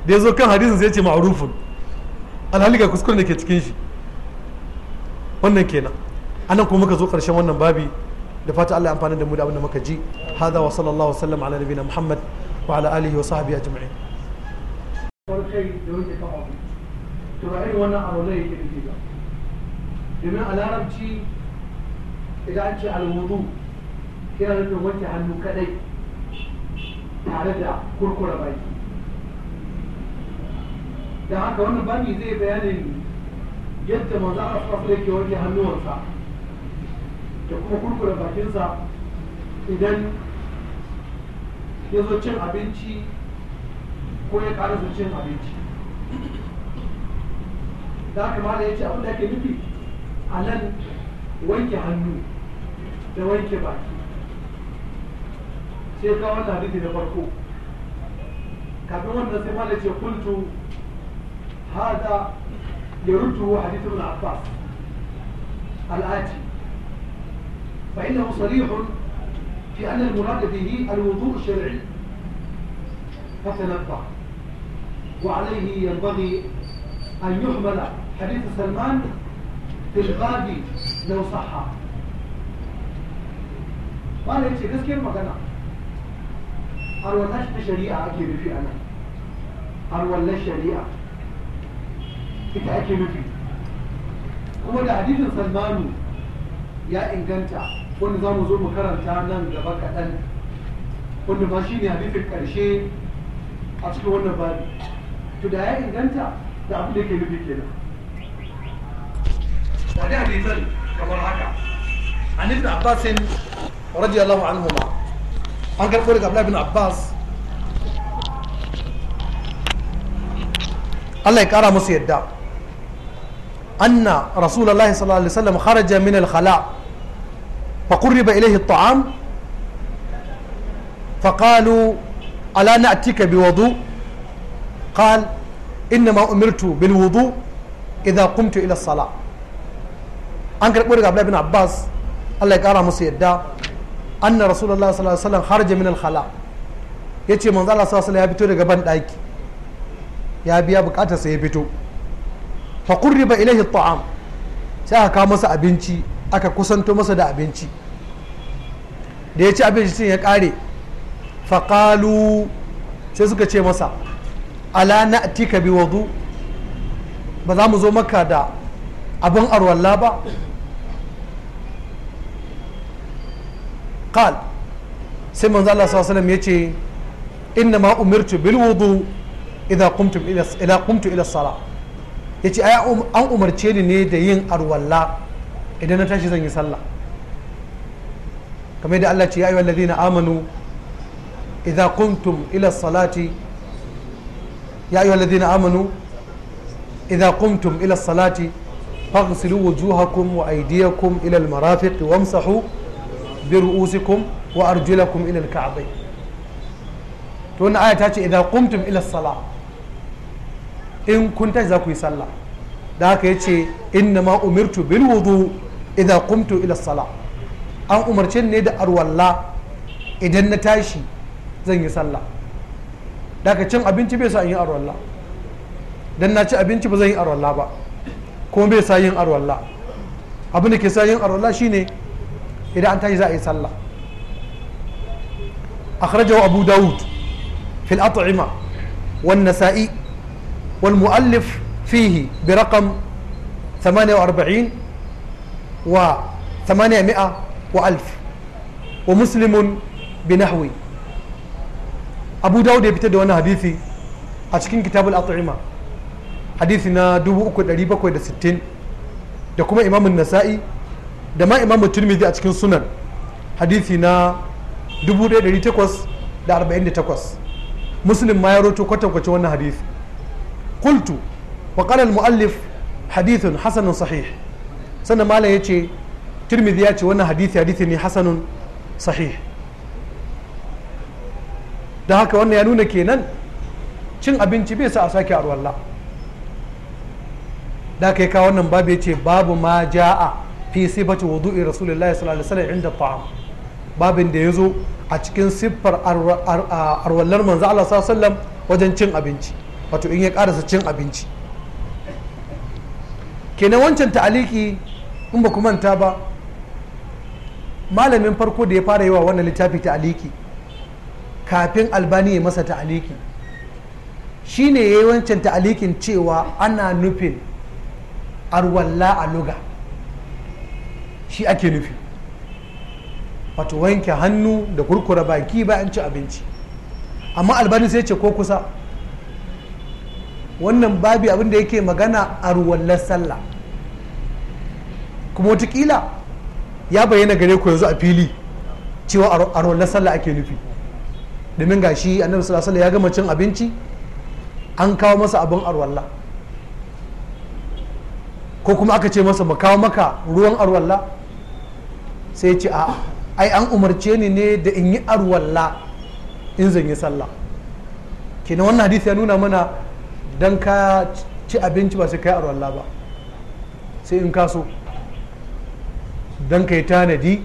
Speaker 1: da ya zo kan hadisin sai ce ma'rufun alhali ga kuskuren da ke cikin shi wannan kenan anan kuma muka zo karshen wannan babi da fata Allah amfani da mu da abin da muka ji hada wa sallallahu wasallam ala nabiyina muhammad wa ala alihi wa sahbihi ajma'in to ra'ayi wannan abu zai yi domin a larabci idan an ce alwudu yana nufin wanke hannu kadai tare da kurkura baki da haka wani bani zai bayanin yadda manzo Allah sallallahu alaihi wasallam yake wanke hannuwansa da kuma kurkura bakinsa idan ya zo cin abinci ko ya ƙara zo cin abinci da haka ma da ya ce abin da ake nufi a nan wanke hannu سوين كبار شيخ قال لها بيتي لبركو كابون قلت هذا يرده حديث ابن عباس الآتي فإنه صريح في أن المراد به الوضوء الشرعي فتنبه وعليه ينبغي أن يحمل حديث سلمان في الغادي لو صحه malam ce gaskiyar magana alwallar ta shari'a ake nufi a nan alwallar shari'a ita ake nufi kuma da hadisin salmanu ya inganta wanda za mu zo mu karanta nan gaba kaɗan wanda ba shi ne hadisin ƙarshe a cikin wannan babi to da ya inganta da abin da ke nufi kenan da wani hadisan kamar haka an ibn abbasin رضي الله عنهما عن قول عبد الله بن عباس الله يكرى مسيدا أن رسول الله صلى الله عليه وسلم خرج من الخلاء فقرب إليه الطعام فقالوا ألا نأتيك بوضوء قال إنما أمرت بالوضوء إذا قمت إلى الصلاة أنك رأي عبد الله بن عباس الله يكرى مسيدا anna rasulullah sallallahu alaihi wasallam kharaja min al-khala yace manzo Allah sallallahu alaihi ya fito daga ban daki ya biya bukatar sa ya fito fa qurriba ilayhi at-ta'am sai aka kawo masa abinci aka kusanto masa da abinci da ya ci abincin ya kare faƙalu sai suka ce masa ala na'tika bi wadu ba za mu zo maka da abin arwalla ba qal sai manzo Allah sallallahu alaihi wasallam yace inna ma umirtu bil wudu idza qumtum ila ila yace ai an umarce ni ne da yin arwala idan na tashi zan yi sallah kamar da Allah ce ya ayyuhal ladina amanu idza qumtum ila salati ya ayyuhal ladina amanu idza qumtum ila wujuhakum wa ila al bi ru'usikum wa arjulakum ila al-ka'bay to wannan aya ta ce idan qumtum ila sala in kunta za ku yi sallah da haka yace inna ma umirtu bil wudu idan qumtu ila sala an umarce ne da arwalla idan na tashi zan yi sallah da haka cin abinci bai sa in yi arwalla dan na ci abinci ba zan yi arwalla ba Ko bai sa yin arwalla abin da ke sa yin arwalla shine إذا أنت إذا يصلى إيه أخرجه أبو داود في الأطعمة والنسائي والمؤلف فيه برقم 48 و 800 وألف ومسلم بنحوي أبو داود يبتد وانا حديثي أشكين كتاب الأطعمة حديثنا دوبو أكد أليبا كويدا ستين دكما إمام النسائي da ma imamu turmizi a cikin sunan hadisi na 1848 muslim ma ya roto kwatankwacin wannan hadisi kultu wa muallif hadithun hasanun sahih sannan malam ya ce yace ya ce wannan hadisi hadisi ne hasanun sahih da haka wannan ya nuna kenan cin abinci bai sa a sake a ruwan da aka yi kawo wannan babu ya ce babu ma ja'a fi sifati wudu'i rasulullahi sallallahu alaihi wasallam inda ta'am babin da yazo a cikin siffar arwallar manzo Allah sallallahu alaihi wasallam wajen cin abinci wato in ya karasa cin abinci kenan wancan ta'aliki in ba ku manta ba malamin farko da ya fara yi wa wannan littafi ta'aliki kafin albani ya masa ta'aliki shine ya yi wancan ta'alikin cewa ana nufin arwalla a lugar shi ake nufi wato wanke hannu da kurkura baki bayan ci abinci amma albani sai ce ko kusa wannan babi abin da yake magana a ruwallar sallah kuma watakila ya bayyana gare ku yanzu a fili cewa a ruwallar sallah ake nufi domin ga shi annabi sallallahu ya gama cin abinci an kawo masa abin arwalla ko kuma aka ce masa mu kawo maka ruwan arwalla sai ce a ai an umarce ni ne da in yi arwalla in zan yi sallah kenan wannan hadisi ya nuna mana dan ka ci abinci ba sai kai arwalla ba sai in kaso dan kai tanadi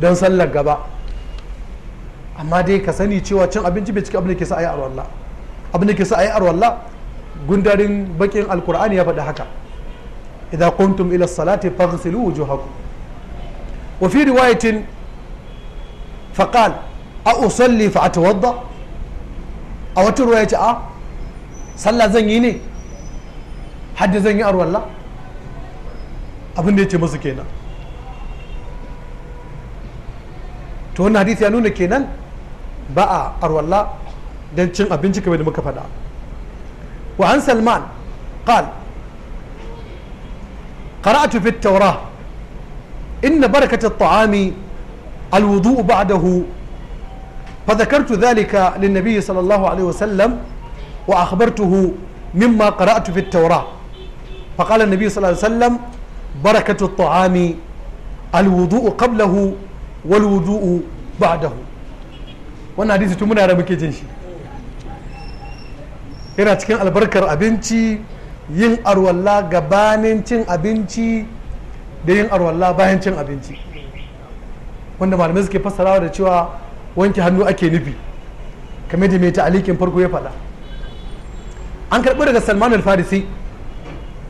Speaker 1: don sallar gaba amma dai ka sani cewa cin abinci bai cika abin da ke sa ayi arwalla abin da ke sa ayi arwalla gundarin bakin alkur'ani ya faɗi haka idan kuntum ila salati faghsilu wujuhakum وفي رواية فقال أصلي فأتوضأ أو رواية أه صلى زنيني حد زني أروى الله abin da ya ce masa kenan to wannan hadisi ya nuna kenan ba a arwalla don cin abinci kamar da muka faɗa wa an salman qal qara'tu إن بركة الطعام الوضوء بعده فذكرت ذلك للنبي صلى الله عليه وسلم وأخبرته مما قرأت في التوراة فقال النبي صلى الله عليه وسلم بركة الطعام الوضوء قبله والوضوء بعده وانا حديث تمنى رمكي جنشي هنا تكين البركة الأبنتي ين albarkar الله yin arwalla أبنتي da yin arwalla bayan cin abinci wanda malamai suke fassarawa da cewa wanke hannu ake nufi kamar da mai ta'alikin farko ya faɗa an karɓi daga salman al-farisi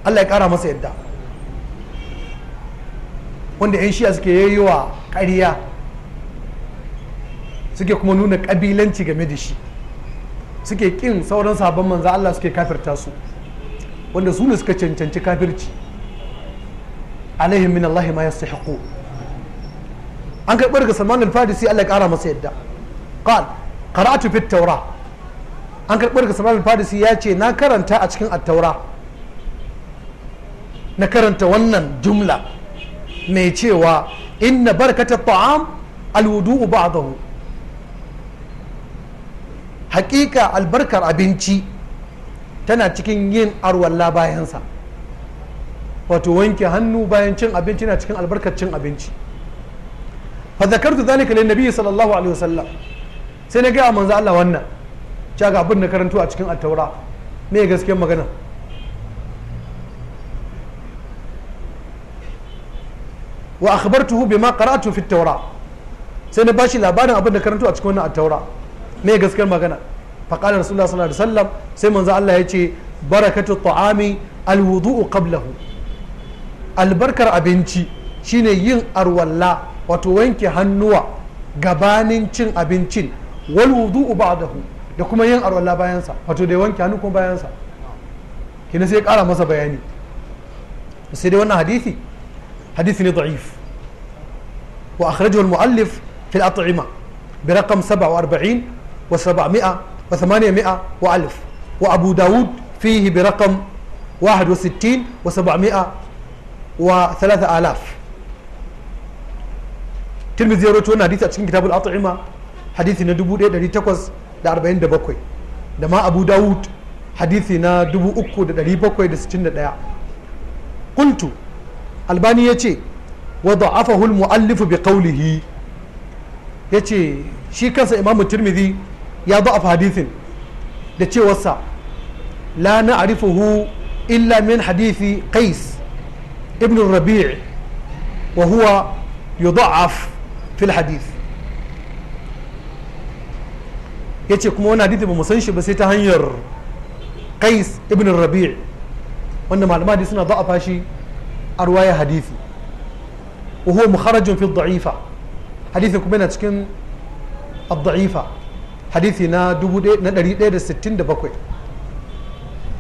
Speaker 1: allah ya ƙara masa yadda wanda 'yan shiya suke yayi wa ƙarya suke kuma nuna ƙabilanci game da shi suke ƙin sauran sabon manza allah suke kafirta su wanda su ne suka cancanci kafirci alaihim min Allah ma yastahiqu an karɓi daga Salman al-Farisi Allah ya masa yadda qal qara'tu an karɓi Salman al-Farisi ya ce na karanta a cikin at-taura na karanta wannan jumla mai cewa inna barkata ta'am alwudu'u ba'dahu hakika albarkar abinci tana cikin yin arwalla bayansa wato wanke hannu bayan cin abinci na cikin albarkar cin abinci fa zakartu zalika lin nabi sallallahu alaihi wasallam sai na gaya manzo Allah wannan cewa ga abin da karanto a cikin attaura me gaskiyar magana wa akhbartuhu bima qara'tu fi at-taura sai na bashi labarin abin da karanto a cikin wannan attaura me gaskiyar magana fa qala rasulullahi sallallahu alaihi wasallam sai manzo Allah ya ce barakatu ta'ami al-wudu'u qablahu albarkar abinci shine yin arwalla wato wanke hannuwa gabanin cin abincin wal wudu'u ba'dahu da kuma yin arwalla bayan sa wato da wanke hannu kuma bayan sa kina sai kara masa bayani sai dai wannan hadisi hadisi ne da'if wa akhrajahu al-mu'allif fi al-at'ima bi raqam 47 wa 700 wa 800 wa 1000 wa abu daud fihi bi raqam 61 و 700 wa thalatha alaf tirmidhi ya rawaito wannan hadisi a cikin kitabul at'ima hadisi na 1847 da ma abu dawud hadisi na 3761 kuntu albani ya ce wa da'afahu al-mu'allifu bi qawlihi yace shi kansa imamu tirmidhi ya da'afa hadisin da cewarsa la na'rifuhu illa min hadisi qais ابن الربيع وهو يضعف في الحديث yace kuma wani hadisi ba mu san shi ba sai ta hanyar qais ibn rabi' wanda malama hadisi suna da'afa fashi a ruwaya hadisi wa huwa mukharrajun fi da'ifa hadisi kuma yana cikin ad-da'ifa hadisi na 1167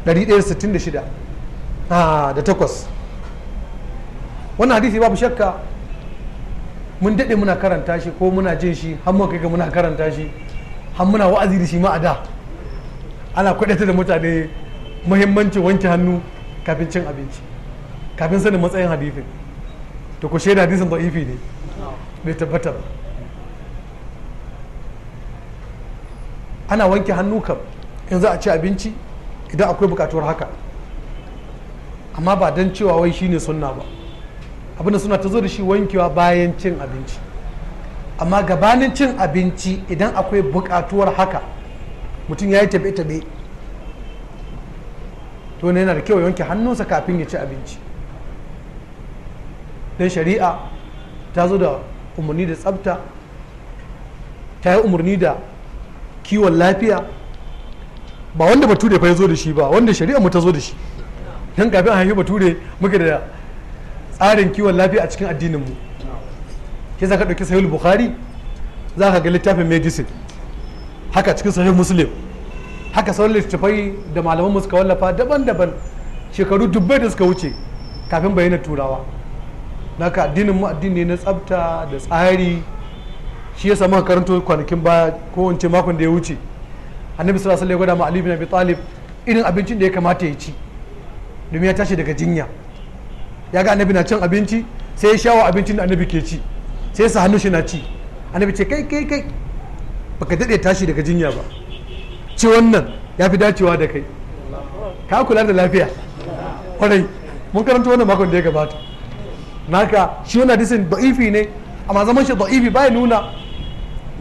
Speaker 1: 166 da takwas wannan hadisi babu shakka mun daɗe muna karanta shi ko muna jin shi har mun kai ga muna karanta shi har muna wa'azi da shi ma a da ana kwadata da mutane muhimmancin wanke hannu kafin cin abinci kafin sanin matsayin hadisin to ku shaida hadisin da'ifi ne bai tabbata ba ana wanke hannu kam in za a ci abinci idan akwai bukatuwar haka amma ba don cewa wai shine sunna ba abinda suna ta zo da shi wankewa bayan cin abinci amma gabanin cin abinci idan akwai buƙatuwar haka mutum ya yi tabe-tabe to ne yana da kyau yanke hannunsa kafin ya ci abinci don shari'a ta zo da umarni da tsabta ta yi umarni da kiwon lafiya ba wanda bature fa ya zo da shi ba wanda shari'a mu ta zo da shi don kafin a haifi bature muke da tsarin kiwon lafiya a cikin addinin mu ke za ka ɗauki sahihul bukhari za ka ga littafin medicine haka cikin sahih muslim haka sauran littattafai da malaman mu suka wallafa daban-daban shekaru dubbai da suka wuce kafin bayyana turawa naka addinin mu addini na tsabta da tsari shi ya samu karanto kwanakin baya ko wance makon da ya wuce annabi sallallahu alaihi wasallam ya gwada ma'alibi ali bin talib irin abincin da ya kamata ya ci domin ya tashi daga jinya ya ga annabi na cin abinci sai ya shawo abincin da annabi ke ci sai sa hannu shi na ci annabi ce kai kai kai baka dade tashi daga jinya ba ci wannan ya fi dacewa da kai ka kula da lafiya kwarai mun karanta wannan makon da ya gabata naka shi wannan disin da'ifi ne amma zaman shi da'ifi baya nuna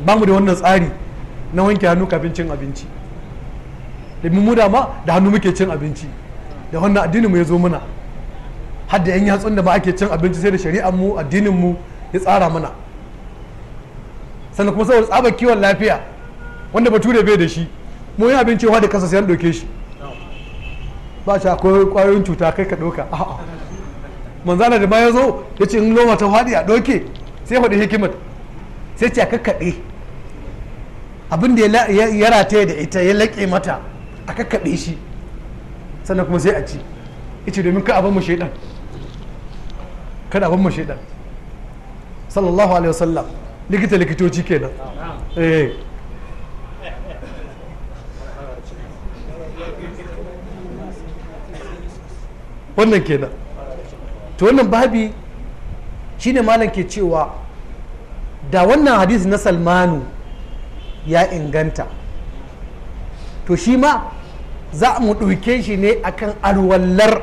Speaker 1: ba mu da wannan tsari na wanke hannu kafin cin abinci da mu da ma da hannu muke cin abinci da wannan addinin mu ya zo mana. har da yan yatsun da ba ake cin abinci sai da shari'ar mu addinin mu ya tsara mana sannan kuma saboda tsabar kiwon lafiya wanda bature bai da shi mu yi abinci da kasa sai an ɗauke shi ba shi akwai kwayoyin cuta kai ka ɗauka manzana da ma ya zo ya ce in loma ta faɗi a ɗauke sai faɗi hikimar sai ce a kakkaɗe abin da ya rataye da ita ya laƙe mata a kakkaɗe shi sannan kuma sai a ci ita domin ka abin mu shaidan kada ban mashi dan sallallahu alaihi wasallam likita likitoci kenan eh wannan kenan to wannan babi shine malam ke cewa da wannan hadisi na salmanu ya inganta to shi ma za mu ɗauke shi ne akan alwallar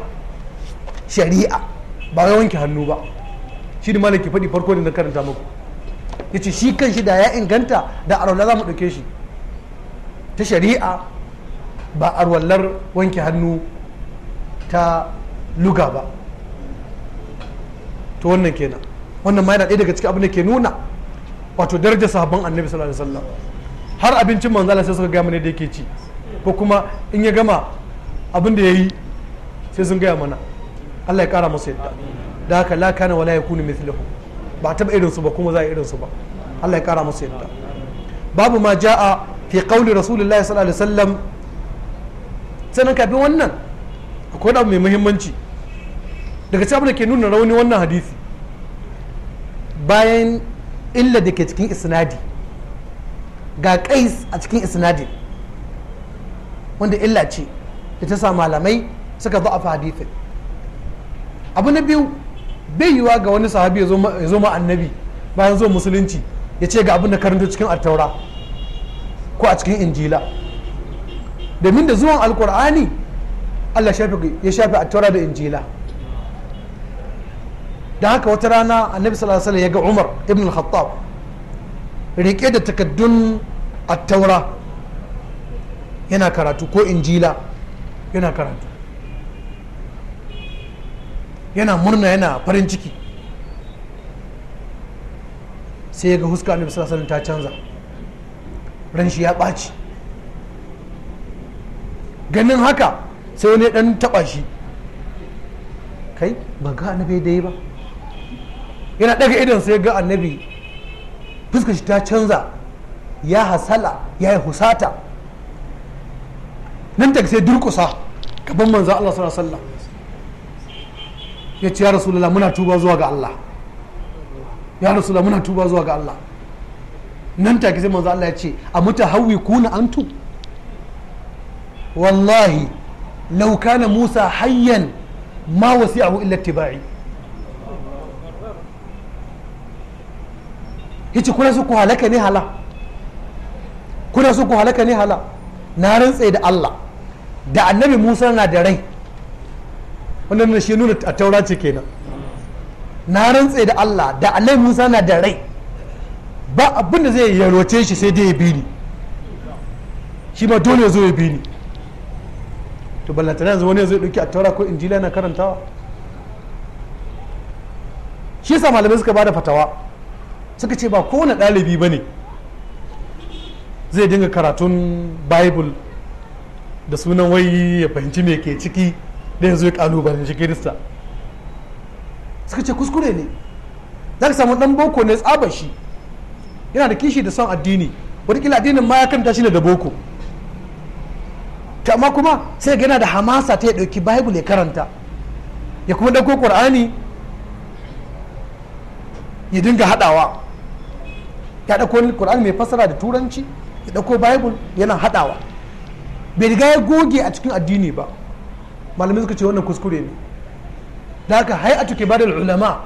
Speaker 1: shari'a ba ga wanke hannu ba shi da malaki faɗi farko da na karanta muku ya ce shi kan shi da ya inganta da arwallar za mu ɗauke shi ta shari'a ba arwallar wanke hannu ta luga ba to wannan kenan wannan ma yana ɗaya daga cikin abin da ke nuna wato darajar sahabban annabi sallallahu alaihi wasallam har abincin manzala sai suka gaya mana da yake ci ko kuma in ya gama abin da ya yi sai sun gaya mana Allah ya kara musu yadda da haka la kana wala yakunu mithluhu ba taba irin su ba kuma za a irin su ba Allah ya kara musu yadda babu ma jaa fi qawli rasulullahi sallallahu alaihi wasallam sanan kafin wannan akwai abu mai muhimmanci daga cikin da ke nuna rauni wannan hadisi bayan illa da ke cikin isnadi ga kais a cikin isnadi wanda illa ce da ta sa malamai suka zo a hadithin abu na biyu bai yiwa ga wani sahabi ya zo annabi bayan zo musulunci ya ce ga abin da karanta cikin attaura ko a cikin injila domin da zuwan alkur'ani allah ya shafi attaura da injila da haka wata rana annabi sallallahu ya ga umar ibn al-khattab rike da takaddun attaura yana karatu ko injila yana karatu yana murna yana farin ciki sai ya ga huska annabi sallallahu alaihi ta canza ran shi ya ɓaci ganin haka sai wani dan taɓa shi kai ba ga annabi dai ba yana daga idon sai ga annabi fuskar shi ta canza ya hasala ya yi husata nan take sai durkusa gaban manzo Allah sallallahu alaihi wasallam ya ce ya rasulullah muna tuba zuwa ga Allah ya rasulullah muna tuba zuwa ga Allah nan take sai manzo Allah ya ce a muta hawi kuna antum wallahi law kana Musa hayyan ma wasi'ahu illa tibai yace kuna su ku halaka ne hala kuna su ku halaka ne hala na rantse da Allah da annabi Musa na da rai wannan shi nuna a taura ce kenan na rantse da Allah da Allah Musa na da rai ba abinda zai yarwace shi sai dai ya bi ni shi ma dole zo ya bi ni to ballantana yanzu wani zai dauki a taura ko injila na karantawa shi yasa malamai suka bada fatawa suka ce ba kowane ɗalibi ba ne zai dinga karatun bible da sunan wai ya fahimci me ke ciki da yanzu ya kalubalen shi kirista suka ce kuskure ne za ka samu dan boko ne tsaba shi yana da kishi da son addini wataƙila addinin ma ya kanta shi ne da boko amma kuma sai yana da hamasa ta ya ɗauki bible ya karanta ya kuma ɗauko ƙur'ani ya dinga haɗawa ya ɗauko ƙur'ani mai fassara da turanci ya ɗauko bible yana haɗawa bai riga ya goge a cikin addini ba malamai suka ce wannan kuskure ne da haka hay'atu kibarul ulama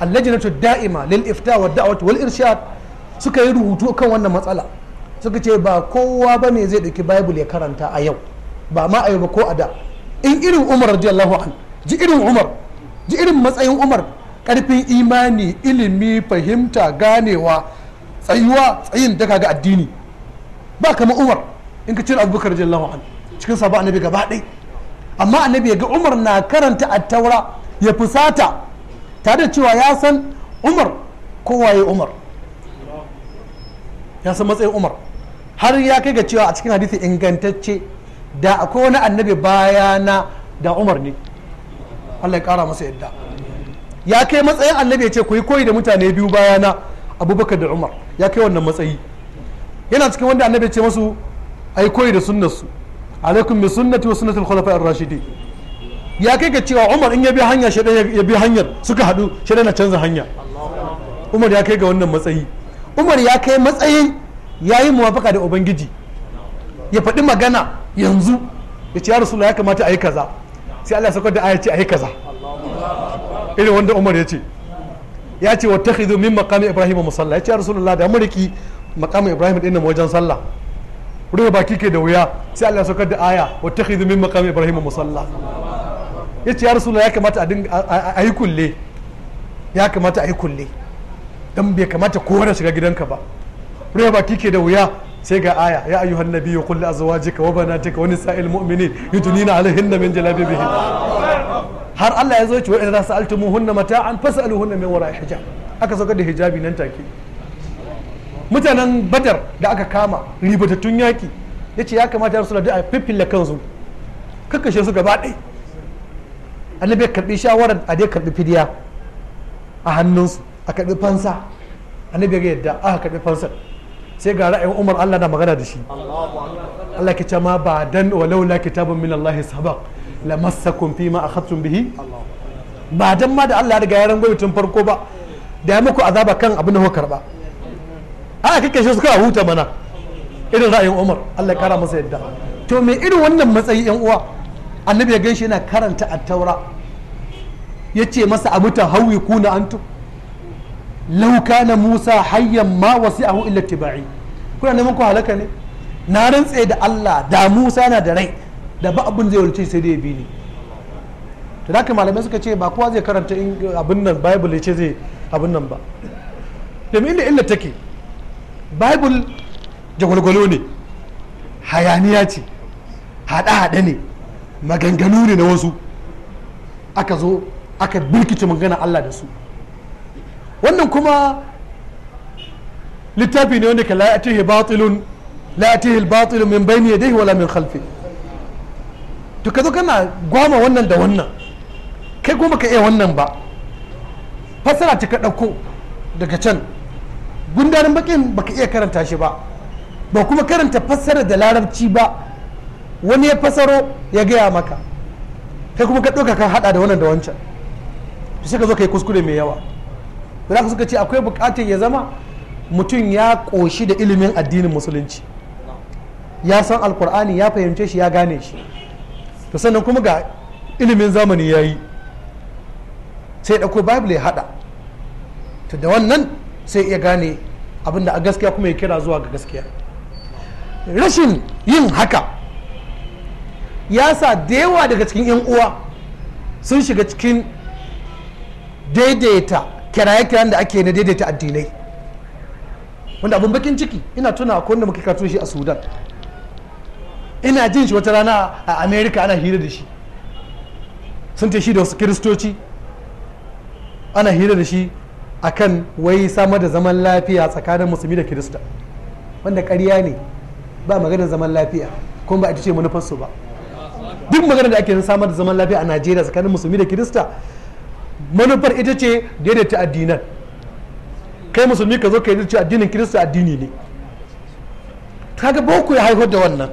Speaker 1: allajnatu da'ima lil ifta wa da'wat wal irshad suka yi rubutu kan wannan matsala suka ce ba kowa ne zai dauki bible ya karanta a yau ba ma a yau ba ko a da in irin umar radiyallahu an ji irin umar ji irin matsayin umar karfin imani ilimi fahimta ganewa tsayuwa tsayin daga ga addini ba kama umar in ka cire abubakar radiyallahu an cikin sabon annabi gaba ɗaya amma annabi ya ga umar na karanta attaura ya fusata tare da cewa ya san umar ya umar ya san matsayin umar har ya kai ga cewa a cikin hadisi ingantacce da akwai wani annabi bayana da umar ne allah kara masa yadda ya kai matsayin annabi ya ce ku yi koyi da mutane biyu bayana abubakar da umar ya kai wannan matsayi yana cikin wanda annabi ce masu ai koyi da sunnarsu alaikum bi sunnati wa sunnati al-khulafa ar ya kai ga cewa Umar in ya bi hanya shedan ya bi hanyar suka hadu shedan na canza hanya Umar ya kai ga wannan matsayi Umar ya kai matsayin yayi muwafaka da ubangiji ya faɗi magana yanzu ya ce ya rasulullah ya kamata a yi kaza sai Allah ya saukar da aya ce a yi kaza irin wanda Umar ya ce ya ce wa takhidhu min maqami ibrahim musalla ya ce ya rasulullah da muriki maqamin ibrahim din wajen sallah rufe baki ke da wuya sai Allah ya saukar da aya wa takhidhu min maqami ibrahim musalla yace ya rasulullah ya kamata a yi kulle ya kamata a yi kulle dan bai kamata kowa da shiga gidanka ba rufe baki ke da wuya sai ga aya ya ayyuhan nabiyyu qul li azwajika wa banatika wa nisa'il mu'minin yudnina alaihinna min jalabibihin har Allah ya zo ya ce wa idza sa'altumuhunna mata'an fas'aluhunna min wara'i hijab aka saukar da hijabi nan take mutanen badar da aka kama ribatattun yaki ya ce ya kamata rasu da a lakan kansu kakashe su gaba ɗai annabi ya karɓi shawarar a dai karɓi fidiya a hannunsu a karɓi fansa annabi ya yadda aka karɓi fansar sai ga ra'ayin umar allah na magana da shi allah ke ce ma ba dan walau la kitabun min allah sabaq la masa fi ma akhadtum bihi ba dan ma da allah ya riga ya tun farko ba da ya muku azaba kan abin da kuka karba haka kake shi suka huta mana irin ra'ayin umar allah ya kara masa yadda to me irin wannan matsayi yan uwa annabi ya ganshi yana karanta attaura ya ce masa a mutan hawi kuna antum law kana musa hayyan ma wasi'ahu illa tibai kuna neman ku halaka ne na rantse da allah da musa na da rai da ba abin zai wuce sai dai ya bi ni to da malamai suka ce ba kowa zai karanta abin nan bible ya ce zai abin nan ba domin inda illa take bible jagwalgwalo ne hayaniya ce haɗe-haɗe ne maganganu ne na wasu aka zo aka birkice magana allah da su wannan kuma littafi ne wanda ka la'atihi batilun la'atihi batilun min bayni yadihi wala min khalfi to ka zo kana gwama wannan da wannan kai kuma ka iya wannan ba fasara ta ka ɗauko daga can gundarin bakin baka iya karanta shi ba ba kuma karanta fassara da larabci ba wani ya fasaro ya gaya maka kai kuma ka ɗauka ka haɗa da wannan da wancan sai ka zo ka yi kuskure mai yawa da ka suka ce akwai buƙatar ya zama mutum ya ƙoshi da ilimin addinin musulunci ya san alkur'ani ya fahimce shi ya gane shi to sannan kuma ga ilimin zamani ya yi sai ɗauko bible ya haɗa to da wannan sai iya gane abinda a gaskiya kuma ya kira zuwa ga gaskiya rashin yin haka ya sa da yawa daga cikin 'yan uwa sun shiga cikin daidaita kiraye-kiran da ake na daidaita addinai wanda abin bakin ciki ina tuna a da muka kato shi a sudan ina jin shi wata rana a amerika ana hira da shi sun ce shi da wasu kiristoci ana hira da shi akan wai samar da zaman lafiya tsakanin musulmi da kirista wanda ƙarya ne ba maganar zaman lafiya kuma ba a ce manufarsu ba duk maganar da ake samar da zaman lafiya a najeriya tsakanin musulmi da kirista manufar ita ce daidaita addinan kai musulmi ka zo ka yi addinin kirista addini ne kaga boko ya haifar da wannan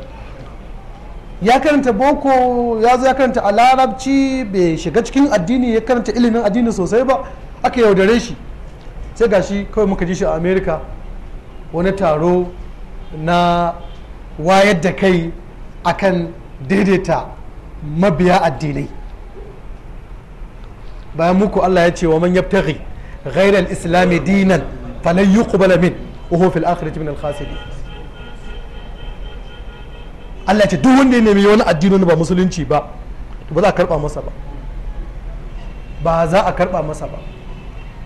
Speaker 1: ya karanta boko ya zo ya karanta a larabci bai shiga cikin addini ya karanta ilimin addini sosai ba aka yaudare shi sai gashi kawai muka ji shi a amerika wani taro na wayar da kai akan daidaita mabiya addinai bayan muku allah ya ce wa man yabtaghi ghayra al-islami dinan falan yuqbala min wa huwa fil akhirati min al Allah ce duk wanda ya nemi wani addini ba musulunci ba to ba za a karba masa ba ba za a karba masa ba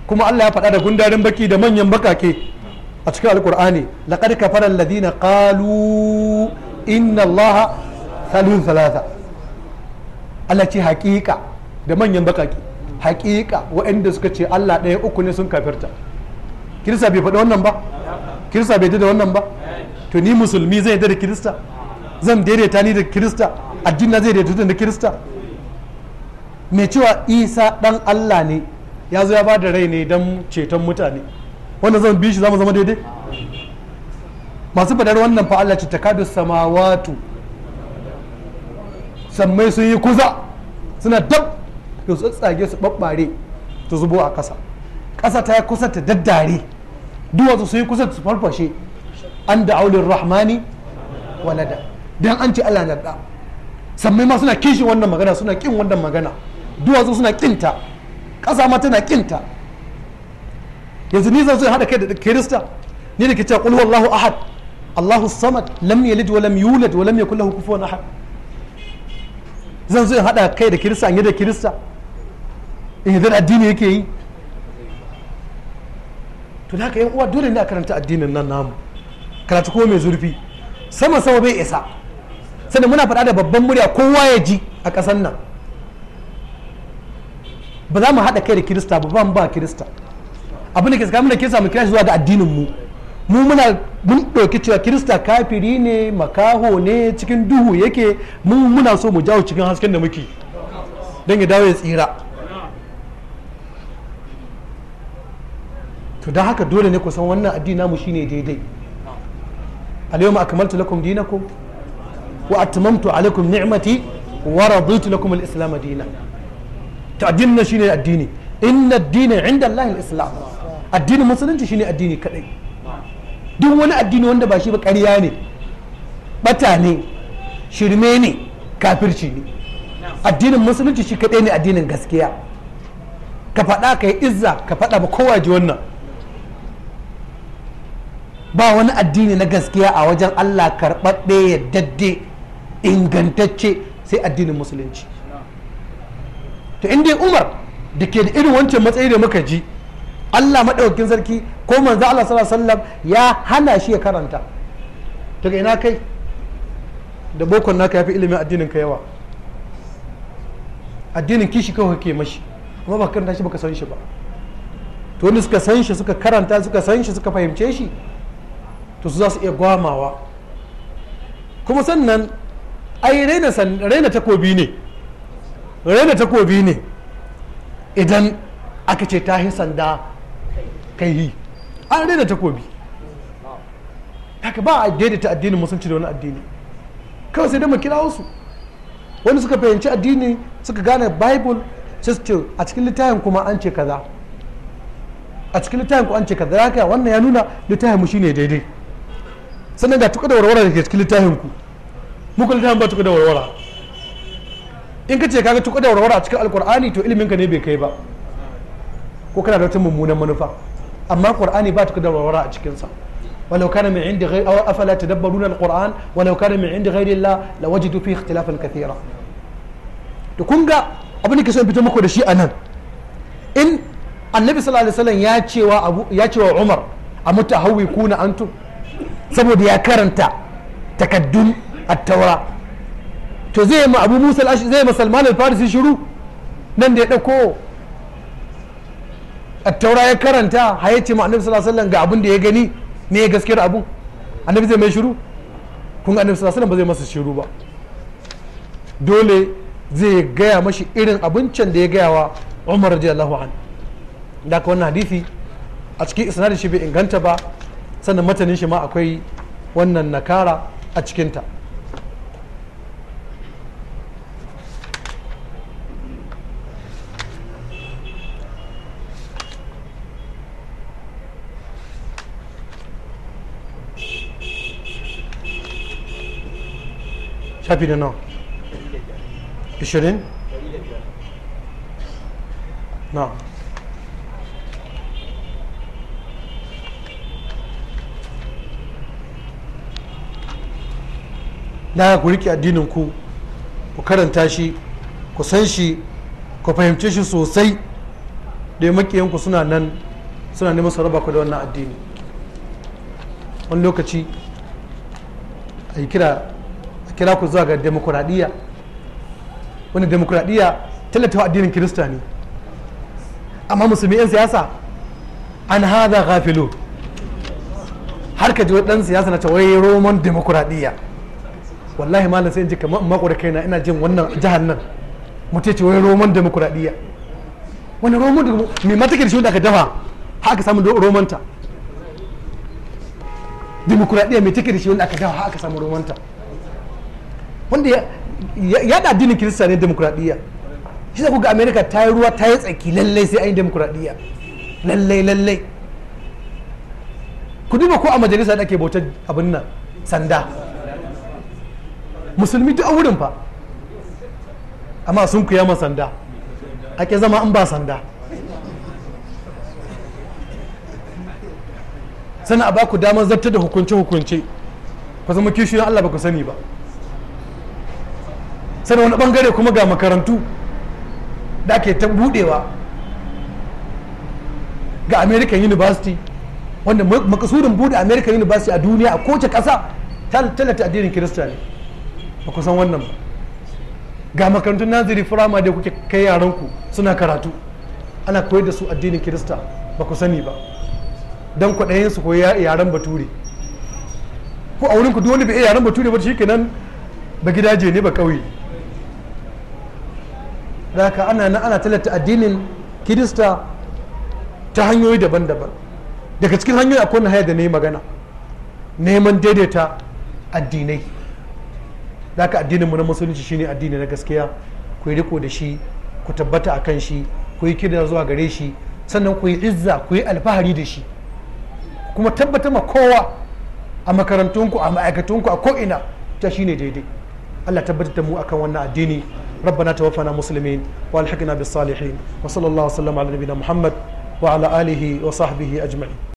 Speaker 1: kuma Allah ya faɗa da gundarin baki da manyan bakake a cikin alkur'ani laqad kafara alladhina qalu inna allaha salun salasa Allah ce haƙiƙa da manyan bakake haƙiƙa waɗanda suka ce Allah ɗaya uku ne sun kafirta kirista bai faɗi wannan ba kirista bai da wannan ba to ni musulmi zai da kirista zan daidaita ni da kirista addini zai daidaita da kirista mai cewa isa ɗan Allah ne ya zo ya ba da rai ne don ceton mutane wanda zan bi shi zamu zama daidai masu fadar wannan fa Allah ta kada samawatu sammai sun yi kuza suna dab da su tsage su babbare ta zubo a ƙasa ƙasa ta kusa ta daddare duwatsu sun yi kusa su farfashe an da aulin rahmani walada dan an ce Allah na da sammai ma suna kishin wannan magana suna kin wannan magana duwatsu suna kinta ƙasa ma tana ƙinta yanzu ni zan hada haɗa kai da kirista ni da ke cewa qul allahu ahad allahu samad lam yalid wa lam yulad wa lam yakul lahu kufuwan ahad zan zo in haɗa kai da kirista in da kirista in yi addini yake yi to da haka yan uwa dole ne a karanta addinin nan namu karatu kuma mai zurfi sama sama bai isa sannan muna faɗa da babban murya kowa ya ji a ƙasar nan ba za mu haɗa kai da kirista ba ban ba kirista abin da ke tsakanin da kirista mu kira zuwa ga addinin mu mu muna mun ɗauki cewa kirista kafiri ne makaho ne cikin duhu yake mu muna so mu jawo cikin hasken da muke don ya dawo ya tsira to don haka dole ne kusan wannan addina mu shine daidai alayhi akmaltu lakum dinakum wa atmamtu alaikum ni'mati wa raditu lakum islam dinan to addinin shine addini inna addini inda Allah islam addinin musulunci shine addini kadai duk wani addini wanda ba shi ba ƙarya ne bata ne shirme ne kafirci ne addinin musulunci shi kadai ne addinin gaskiya ka faɗa ka yi izza ka faɗa ba kowa ji wannan ba wani addini na gaskiya a wajen Allah karɓaɓɓe ya dadde ingantacce sai addinin musulunci to in dai umar da ke da irin wancan matsayi da muka ji allah maɗaukakin sarki ko manzo allah sallallahu alaihi wasallam ya hana shi ya karanta to ina kai da bokon naka ya fi ilimin addinin ka yawa addinin kishi kawai kake mashi kuma baka karanta shi baka san shi ba to wanda suka san shi suka karanta suka san shi suka fahimce shi to su za su iya gwamawa kuma sannan ai raina takobi ne da takobi ne idan aka ce ta yi sanda kai yi an da takobi haka ba a daidaita addinin musulunci da wani addini kawai sai dama kira wasu wani suka fahimci addini suka gane bible sai a cikin littafin kuma an ce kaza a cikin littafin ku an ce kaza haka wannan ya nuna littafin mu shine daidai sannan ga tuka da warwara da ke cikin littafin ku muku littafin ba tuka da warwara in ka ce kaga tuka da a cikin alkur'ani to iliminka ne bai kai ba ko kana da wata mummunan manufa amma qur'ani ba tuka da warwara a cikinsa ولو كان من عند غير أو أفلا تدبرون القرآن ولو كان من عند غير الله لوجدوا فيه اختلافا كثيرا تكون abin da ke so in fito muku da shi anan in annabi sallallahu alaihi wasallam ya cewa abu ya cewa umar a mutahawwi kuna antum saboda ya karanta takaddun at-taura to zai ma abu musa zai ma salman al-farisi shiru nan da ya ɗauko attaura ya karanta haye ma annabi sallallahu alaihi wasallam ga abin da ya gani ne ya gaskiyar abun annabi zai mai shiru kun ga annabi sallallahu alaihi wasallam ba zai masa shiru ba dole zai gaya mashi irin abincin da ya gaya wa umar radiyallahu an da ka wannan hadisi a cikin isnadin shi bai inganta ba sannan matanin shi ma akwai wannan nakara a cikinta tafi da nawa 20 na ku riƙe addinin ku ku karanta shi ku san shi ku fahimce shi sosai da makiyanku suna nan suna neman su raba ku da wannan addini wani lokaci a yi kira kira ku zuwa ga demokuraɗiyya wani demokuraɗiyya tallata addinin kirista ne amma musulmi 'yan siyasa an hada gafilo har ka ji ɗan siyasa na wai roman demokuraɗiyya wallahi malam sai in ji kamar makwada da kaina ina jin wannan jihar nan mutum ce wai roman demokuraɗiyya wani roman da mai mata da shi wanda aka dafa aka samu romanta demokuraɗiyya mai take da shi wanda aka dafa aka samu romanta wanda da addinin kirista ne demokuraɗiyya shi ku kuka Amerika ta yi ruwa ta yi tsaki lallai sai an yi demokuraɗiyya lallai lallai ku duba ko a majalisa da ake bautar abin nan sanda musulmi duk a wurin fa amma sun kuya ma sanda ake zama an ba sanda sana a baku damar zartar da hukunce-hukunce ku zama kishiyar allah ba ku sani ba sannan wani bangare kuma ga makarantu da ake ta budewa ga american university wanda makasudin bude american university a duniya a kowace kasa tallata addinin kirista ne ba ku san wannan ba ga makarantun naziri firama da kuke kai yaranku suna karatu ana koyar da su addinin kirista ba ku sani ba don kwaɗayen su koyi yaren bature ko a wurin ku duk wani bai yaren bature ba shi kenan ba gidaje ne ba ƙauye da haka ana na ana talata addinin kirista ta hanyoyi daban-daban daga cikin hanyoyi akwai na haya da na yi magana neman daidaita addinai da addinin mu na musulunci shine addini na gaskiya ku yi riko da shi ku tabbata a kan shi ku yi kira zuwa gare shi sannan ku yi izza ku yi alfahari da shi kuma tabbata ma kowa a makarantunku a ma'aikatunku a ko'ina ta shine daidai allah tabbata da mu akan wannan addini ربنا توفنا مسلمين والحقنا بالصالحين وصلى الله وسلم على نبينا محمد وعلى آله وصحبه أجمعين